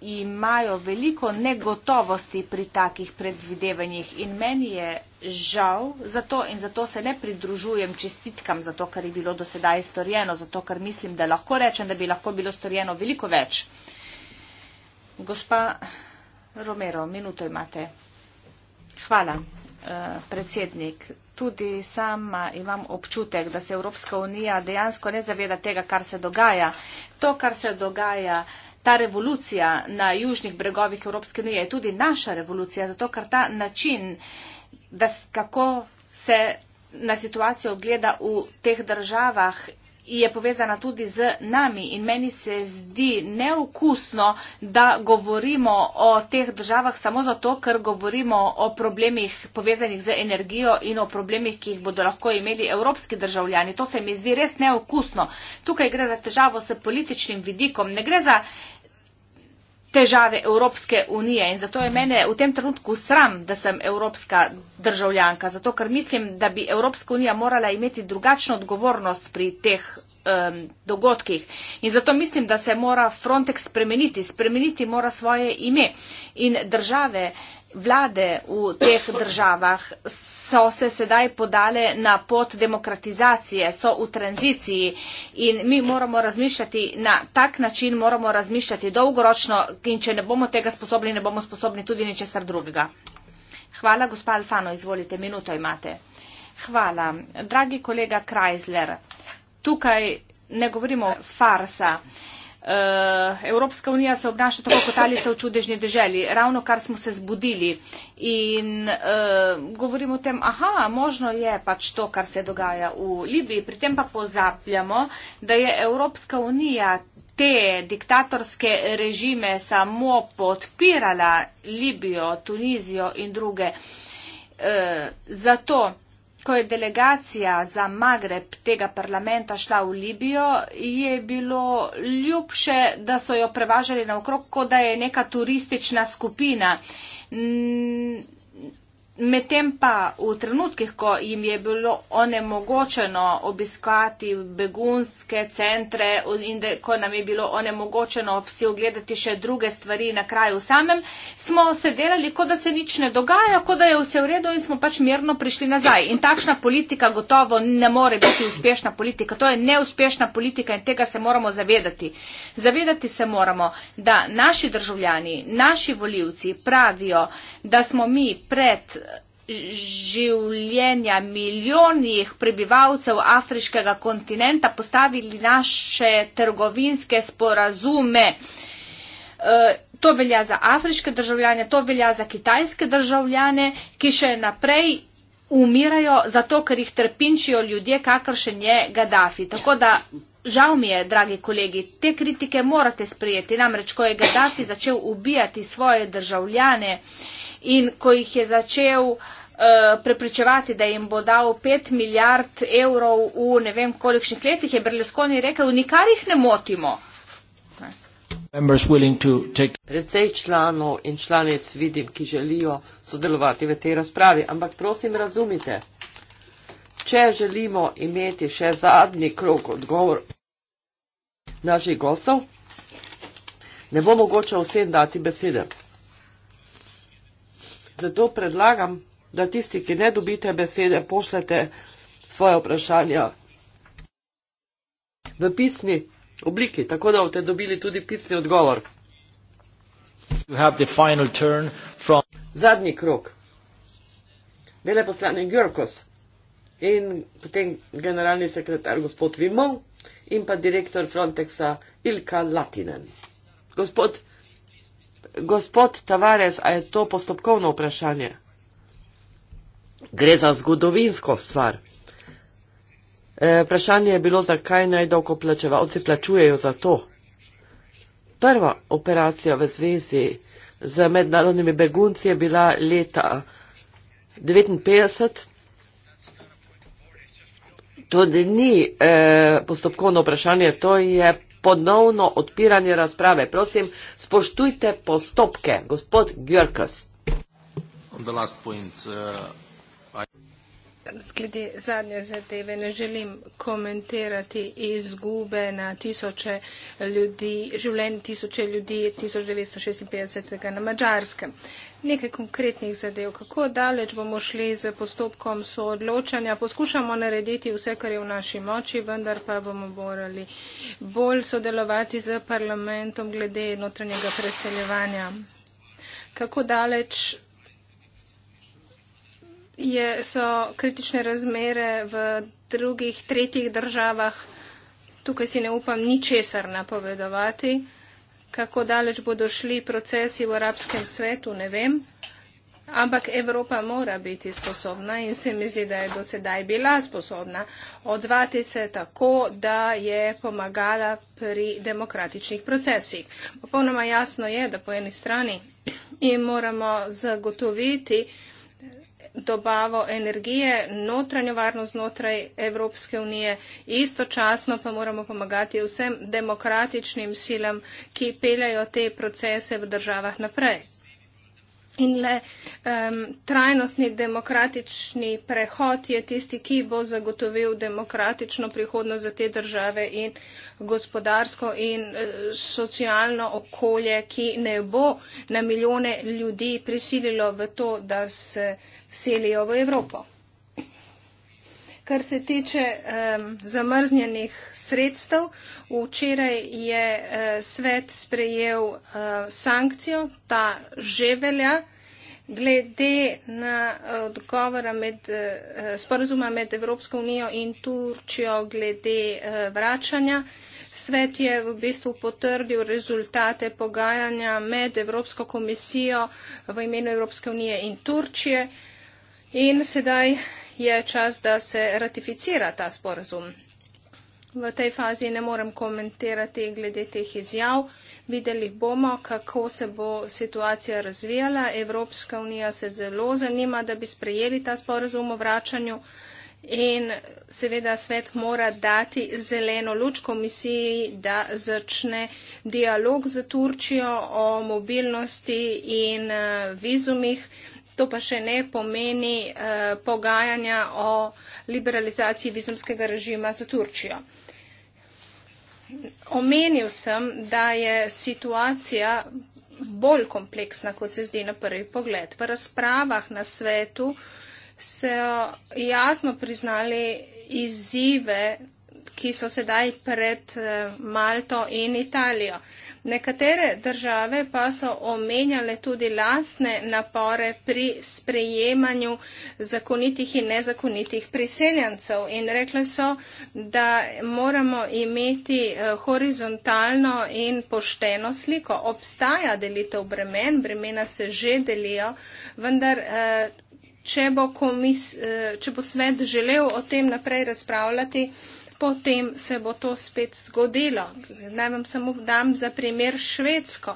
imajo veliko negotovosti pri takih predvidevanjih in meni je žal za to in zato se ne pridružujem čestitkam za to, kar je bilo do sedaj storjeno, zato ker mislim, da lahko rečem, da bi lahko bilo storjeno veliko več. Gospa Romero, minuto imate. Hvala, eh, predsednik. Tudi sama imam občutek, da se Evropska unija dejansko ne zaveda tega, kar se dogaja. To, kar se dogaja, ta revolucija na južnih bregovih Evropske unije je tudi naša revolucija, zato ker ta način, da kako se na situacijo gleda v teh državah, je povezana tudi z nami in meni se zdi neukusno, da govorimo o teh državah samo zato, ker govorimo o problemih povezanih z energijo in o problemih, ki jih bodo lahko imeli evropski državljani. To se mi zdi res neukusno. Tukaj gre za težavo s političnim vidikom. Ne gre za težave Evropske unije in zato je mene v tem trenutku sram, da sem evropska državljanka, zato ker mislim, da bi Evropska unija morala imeti drugačno odgovornost pri teh um, dogodkih. In zato mislim, da se mora Frontex spremeniti, spremeniti mora svoje ime. In države, vlade v teh državah. So so se sedaj podale na pot demokratizacije, so v tranziciji in mi moramo razmišljati na tak način, moramo razmišljati dolgoročno in če ne bomo tega sposobni, ne bomo sposobni tudi ničesar drugega. Hvala, gospa Alfano, izvolite, minuto imate. Hvala. Dragi kolega Kreisler, tukaj ne govorimo farsa. Uh, Eh, Evropska unija se obnaša tako kot talica v čudežni deželi. Ravno kar smo se zbudili in uh, eh, govorimo o tem, aha, možno je pač to, kar se dogaja v Libiji. Pri tem pa pozapljamo, da je Evropska unija te diktatorske režime samo podpirala Libijo, Tunizijo in druge. Uh, zato Ko je delegacija za Magreb tega parlamenta šla v Libijo, je bilo ljubše, da so jo prevažali naokrog, kot da je neka turistična skupina. Medtem pa v trenutkih, ko jim je bilo onemogočeno obiskati begunske centre in de, ko nam je bilo onemogočeno si ogledati še druge stvari na kraju samem, smo se delali, kot da se nič ne dogaja, kot da je vse v redu in smo pač mirno prišli nazaj. In takšna politika gotovo ne more biti uspešna politika. To je neuspešna politika in tega se moramo zavedati. Zavedati se moramo, da naši državljani, naši voljivci pravijo, da smo mi pred življenja milijonih prebivalcev afriškega kontinenta postavili naše trgovinske sporazume. E, to velja za afriške državljane, to velja za kitajske državljane, ki še naprej umirajo zato, ker jih trpinčijo ljudje, kakršen je Gaddafi. Tako da žal mi je, dragi kolegi, te kritike morate sprejeti. Namreč, ko je Gaddafi začel ubijati svoje državljane, uh, in ko jih je začel uh, prepričevati, da jim bo dal 5 milijard evrov v ne vem kolikšnih letih, je Berlusconi rekel, nikar jih ne motimo. Predvsej članov in članic vidim, ki želijo sodelovati v tej razpravi, ampak prosim razumite, če želimo imeti še zadnji krok odgovor naših gostov, ne bo mogoče vsem dati besede. Zato predlagam, da tisti, ki ne dobite besede, pošljete svoje vprašanja v pisni obliki, tako da boste dobili tudi pisni odgovor. From... Zadnji krok. Veleposlanik Jurkos in potem generalni sekretar gospod Vimov in pa direktor Frontexa Ilka Latinen. Gospod. Gospod Tavares, a je to postopkovno vprašanje? Gre za zgodovinsko stvar. E, vprašanje je bilo, zakaj najdolgo plačevalci plačujejo za to. Prva operacija v zvezi z mednarodnimi begunci je bila leta 1959. To ni e, postopkovno vprašanje, to je ponovno odpiranje razprave. Prosim, spoštujte postopke, gospod Gjörkas. Uh, Glede zadnje zadeve ne želim komentirati izgube na tisoče ljudi, življenj tisoče ljudi 1956. na Mačarskem nekaj konkretnih zadev, kako daleč bomo šli z postopkom soodločanja. Poskušamo narediti vse, kar je v naši moči, vendar pa bomo morali bolj sodelovati z parlamentom glede notranjega preseljevanja. Kako daleč je, so kritične razmere v drugih, tretjih državah? Tukaj si ne upam ničesar napovedovati kako daleč bodo šli procesi v arabskem svetu, ne vem. Ampak Evropa mora biti sposobna in se mi zdi, da je do sedaj bila sposobna odzvati se tako, da je pomagala pri demokratičnih procesih. Popolnoma jasno je, da po eni strani jim moramo zagotoviti, dobavo energije, notranjo varnost znotraj Evropske unije, istočasno pa moramo pomagati vsem demokratičnim silam, ki peljajo te procese v državah naprej. In le um, trajnostni demokratični prehod je tisti, ki bo zagotovil demokratično prihodnost za te države in gospodarsko in uh, socialno okolje, ki ne bo na milijone ljudi prisililo v to, da se selijo v Evropo. Kar se tiče um, zamrznjenih sredstev, včeraj je uh, svet sprejel uh, sankcijo, ta že velja. Glede na e, odgovora med, sporozuma med Evropsko unijo in Turčjo glede vračanja, svet je v bistvu potrdil rezultate pogajanja med Evropsko komisijo v imenu Evropske unije in Turčje in sedaj je čas, da se ratificira ta sporazum. V tej fazi ne morem komentirati glede teh izjav. Videli bomo, kako se bo situacija razvijala. Evropska unija se zelo zanima, da bi sprejeli ta sporazum o vračanju. In seveda svet mora dati zeleno luč komisiji, da začne dialog z Turčijo o mobilnosti in eh, vizumih. To pa še ne pomeni eh, pogajanja o liberalizaciji vizumskega režima za Turčijo. Omenil sem, da je situacija bolj kompleksna, kot se zdi na prvi pogled. V razpravah na svetu so jasno priznali izzive, ki so sedaj pred eh, Malto in Italijo. Eh, Nekatere države pa so omenjale tudi lasne napore pri sprejemanju zakonitih in nezakonitih priseljencev in rekle so, da moramo imeti eh, horizontalno in pošteno sliko. Obstaja delitev bremen, bremena se že delijo, vendar. Eh, če bo, komis, eh, če bo svet želel o tem naprej razpravljati, potem se bo to spet zgodilo. Naj vam samo dam za primer Švedsko.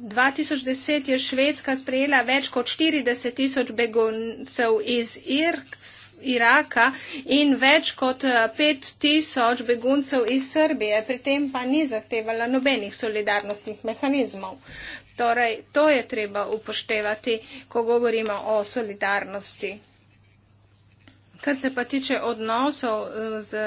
2010 je Švedska sprejela več kot 40 tisoč beguncev iz Irks. Iraka in več kot 5000 eh, beguncev iz Srbije, pri tem pa ni zahtevala nobenih solidarnostnih mehanizmov. Torej, to je treba upoštevati, ko govorimo o solidarnosti. Kar se pa tiče odnosov eh, z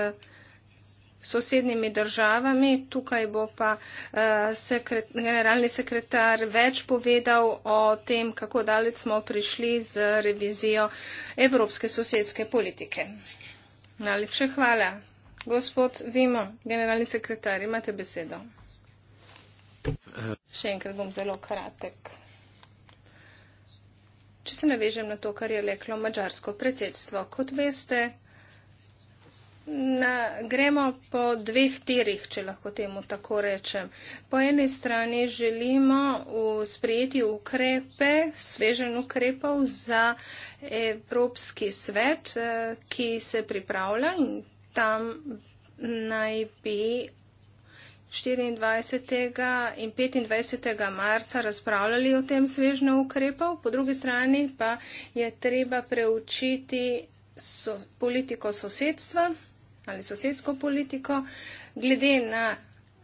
sosednjimi državami. Tukaj bo pa eh, sekret, generalni sekretar več povedal o tem, kako daleč smo prišli z revizijo evropske sosedske politike. Najlepše hvala. Gospod Vimo, generalni sekretar, imate besedo. Še enkrat bom zelo kratek. Če se navežem na to, kar je leklo mađarsko predsedstvo. Kot veste, Na, gremo po dveh tirih, če lahko temu tako rečem. Po eni strani želimo sprejeti ukrepe, svežen ukrepov za Evropski svet, eh, ki se pripravlja in tam naj bi 24. in 25. marca razpravljali o tem svežnju ukrepov, po drugi strani pa je treba preučiti so, politiko sosedstva ali sosedsko politiko. Glede na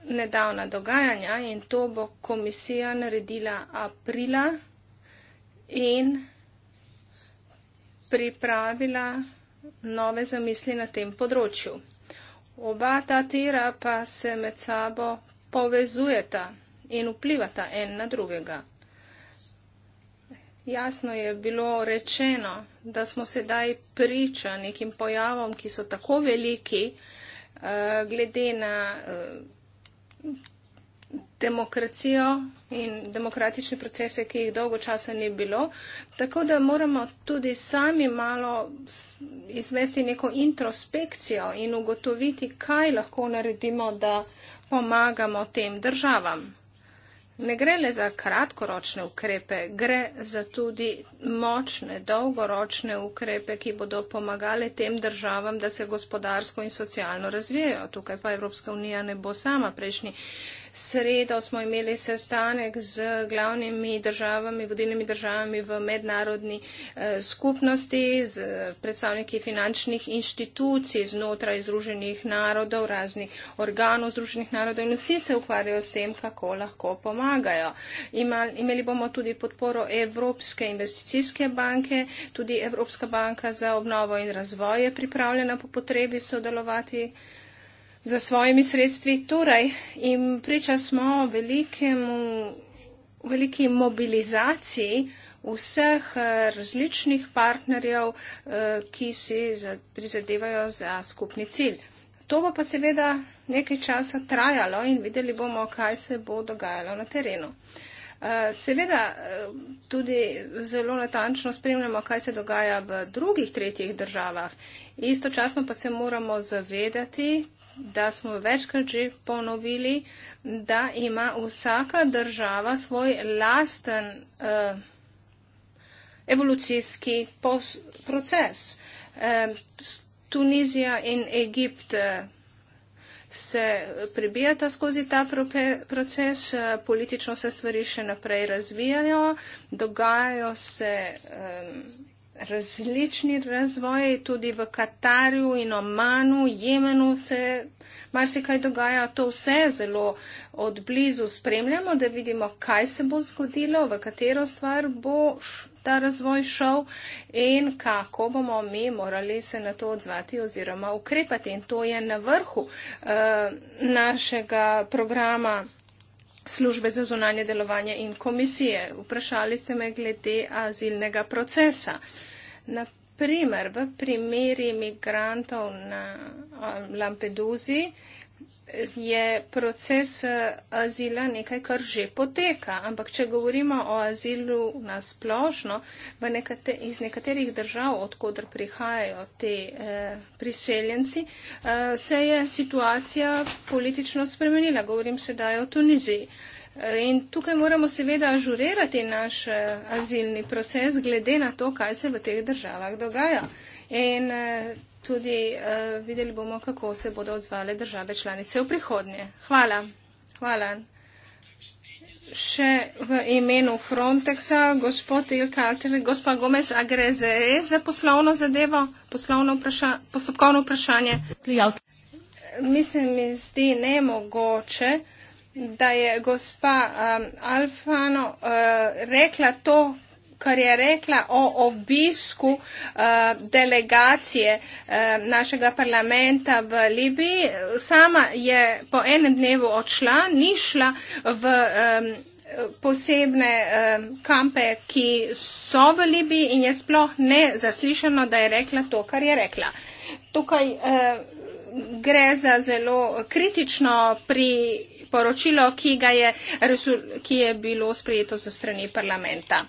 nedavna dogajanja in to bo komisija naredila aprila in pripravila nove zamisli na tem področju. Oba ta tira pa se med sabo povezujeta in vplivata en na drugega jasno je bilo rečeno, da smo sedaj priča nekim pojavom, ki so tako veliki, eh, glede na eh, demokracijo in demokratične procese, ki jih dolgo časa ni bilo. Tako da moramo tudi sami malo izvesti neko introspekcijo in ugotoviti, kaj lahko naredimo, da pomagamo tem državam ne gre le za kratkoročne ukrepe, gre za tudi močne, dolgoročne ukrepe, ki bodo pomagale tem državam, da se gospodarsko in socialno razvijajo. Tukaj pa Evropska unija ne bo sama prejšnji sredo smo imeli sestanek z glavnimi državami, vodilnimi državami v mednarodni eh, skupnosti, z predstavniki finančnih inštitucij znotraj Združenih narodov, raznih organov Združenih narodov in vsi se ukvarjajo s tem, kako lahko pomagajo. Imeli bomo tudi podporo Evropske investicijske banke, tudi Evropska banka za obnovo in razvoj je pripravljena po potrebi sodelovati za svojimi sredstvi. Torej, in priča smo velikemu, veliki mobilizaciji vseh eh, različnih partnerjev, eh, ki si prizadevajo za skupni cilj. To bo pa seveda nekaj časa trajalo in videli bomo, kaj se bo dogajalo na terenu. Eh, seveda tudi zelo natančno spremljamo, kaj se dogaja v drugih, tretjih državah. Istočasno pa se moramo zavedati, da smo večkrat že ponovili, da ima vsaka država svoj lasten uh, evolucijski pos, proces. Uh, Tunizija in Egipt eh, se pribijata skozi ta proces, politično se stvari še naprej razvijajo, dogajajo se. Uh, različni razvoj, tudi v Katarju in Omanu, Jemenu se marsikaj dogaja, to vse zelo odblizu spremljamo, da vidimo, kaj se bo zgodilo, v katero stvar bo ta razvoj šel in kako bomo mi morali se na to odzvati oziroma ukrepati. In to je na vrhu uh, našega programa službe za zunanje delovanje in komisije. Vprašali ste me glede azilnega procesa. Naprimer, v primeri migrantov na Lampeduzi je proces eh, azila nekaj, kar že poteka. Ampak, če govorimo o azilu na splošno, nekate, iz nekaterih držav, odkudr prihajajo te eh, priseljenci, eh, se je situacija politično spremenila. Govorim sedaj o Tuniziji. Eh, in tukaj moramo seveda ažurirati naš eh, azilni proces glede na to, kaj se v teh državah dogaja. In tudi uh, videli bomo, kako se bodo odzvale države članice v prihodnje. Hvala. Hvala. Še v imenu Frontexa, gospod Ilkater, gospa Gomez, a gre za za poslovno zadevo, poslovno vpraša, postopkovno vprašanje? Mislim, mi zdi nemogoče, da je gospa um, Alfano uh, rekla to, kar je rekla o obisku eh, delegacije eh, našega parlamenta v Libiji. Sama je po enem dnevu odšla, ni šla v posebne kampe, ki so v Libiji in je sploh ne zaslišano, da je rekla to, kar je rekla. Tukaj gre za zelo kritično pri poročilo, ki, ga je, ki je bilo sprejeto za strani parlamenta.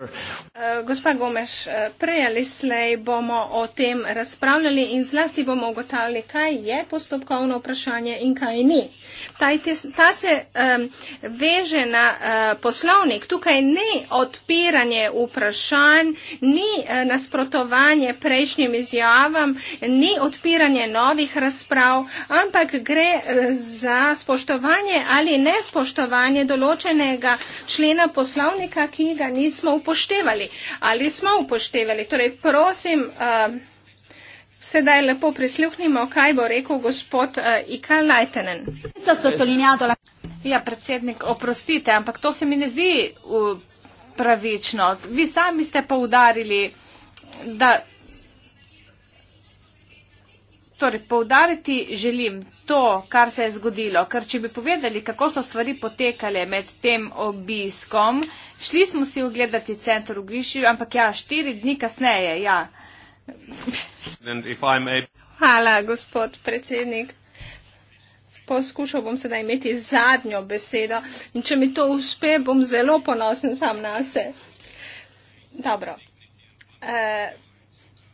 Eh, gospa Gomeš, eh, prej ali slej bomo o tem razpravljali in zlasti bomo ugotavljali, kaj je postopkovno vprašanje in kaj ni. Ta, ta se um, veže na uh, poslovnik. Tukaj ni odpiranje vprašanj, ni uh, nasprotovanje prejšnjim izjavam, ni odpiranje novih razprav, ampak gre uh, za spoštovanje ali nespoštovanje določenega člena poslovnika, ki ga nismo upoštevali upoštevali. Ali smo upoštevali? Torej, prosim, uh, sedaj lepo prisluhnimo, kaj bo rekel gospod uh, Ikal Leitenen. Ja, predsednik, oprostite, ampak to se mi ne zdi pravično. Vi sami ste poudarili, da. Torej, poudariti želim, to, kar se je zgodilo. Ker če bi povedali, kako so stvari potekale med tem obiskom, šli smo si ogledati center v Gvišiju, ampak ja, štiri dni kasneje, ja. Hvala, gospod predsednik. Poskušal bom sedaj imeti zadnjo besedo in če mi to uspe, bom zelo ponosen sam na se. Dobro. Eh,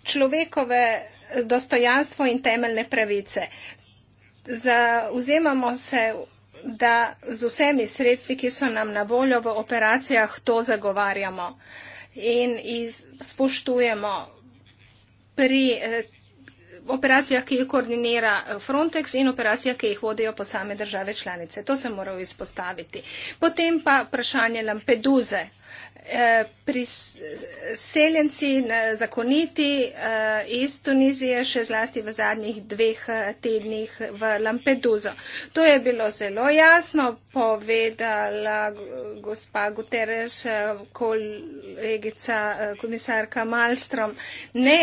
človekove dostojanstvo in temeljne pravice. Zauzemamo se, da z vsemi sredstvi, ki so nam na voljo v operacijah, to zagovarjamo in spoštujemo pri eh, operacijah, ki jih koordinira eh, Frontex in operacijah, ki jih vodijo po same države članice. To sem moral izpostaviti. Potem pa vprašanje Lampeduze. Eh, Eh, priseljenci eh, zakoniti eh, iz Tunizije še zlasti v zadnjih dveh tednih v Lampeduzo. To je bilo zelo jasno povedala gospa Guterres, kolegica komisarka Malstrom. Ne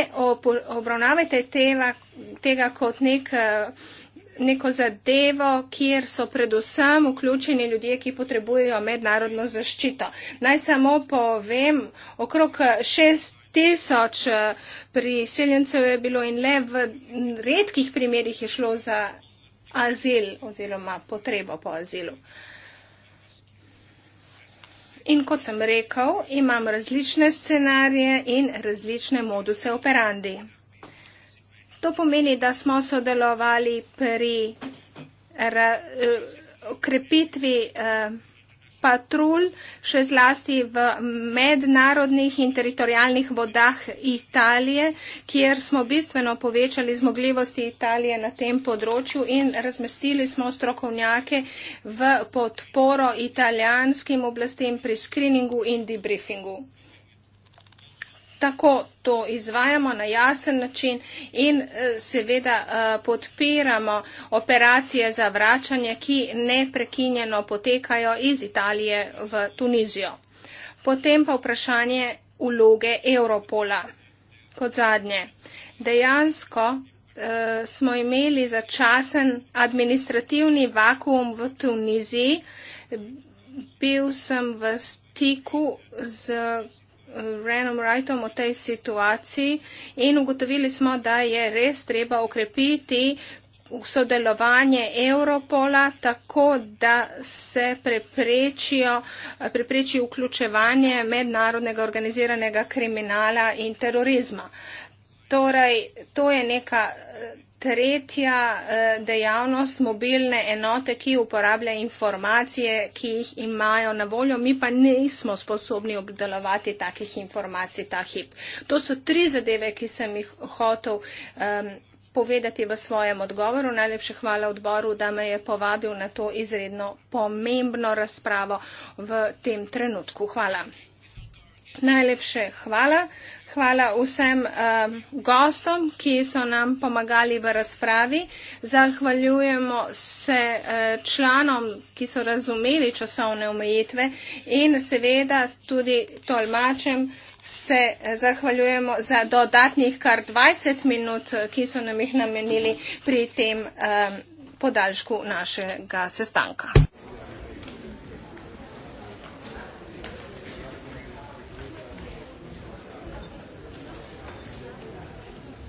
obravnavajte tega, tega kot nek uh, neko zadevo, kjer so predvsem vključeni ljudje, ki potrebujejo mednarodno zaščito. Naj samo povem, okrog šest tisoč eh, priseljencev je bilo in le v redkih primerjih je šlo za azil oziroma potrebo po azilu. In kot sem rekel, imam različne scenarije in različne moduse operandi. To pomeni, da smo sodelovali pri eh, okrepitvi eh, patrulj, še zlasti v mednarodnih in teritorijalnih vodah Italije, kjer smo bistveno povečali zmogljivosti Italije na tem področju in razmestili smo strokovnjake v podporo italijanskim oblastem pri skriningu in debriefingu tako to izvajamo na jasen način in eh, seveda eh, podpiramo operacije za vračanje, ki neprekinjeno potekajo iz Italije v Tunizijo. Potem pa vprašanje uloge Europola. Kot zadnje, dejansko e, smo imeli začasen administrativni vakuum v Tuniziji. Bil sem v stiku z Renom Wrightom o tej situaciji in ugotovili smo, da je res treba okrepiti sodelovanje Europola, tako da se prepreči vključevanje mednarodnega organiziranega kriminala in terorizma. Torej, to je neka tretja eh, dejavnost mobilne enote, ki uporablja informacije, ki jih imajo na voljo, mi pa nismo sposobni obdelovati takih informacij ta hip. To so tri zadeve, ki sem jih hotel um, povedati v svojem odgovoru. Najlepše hvala odboru, da me je povabil na to izredno pomembno razpravo v tem trenutku. Hvala. Najlepše hvala hvala vsem uh, gostom, ki so nam pomagali v razpravi. Zahvaljujemo se uh, članom, ki so razumeli časovne omejitve in seveda tudi tolmačem se eh, zahvaljujemo za dodatnih kar 20 minut, ki so nam jih namenili pri tem um, podaljšku našega sestanka.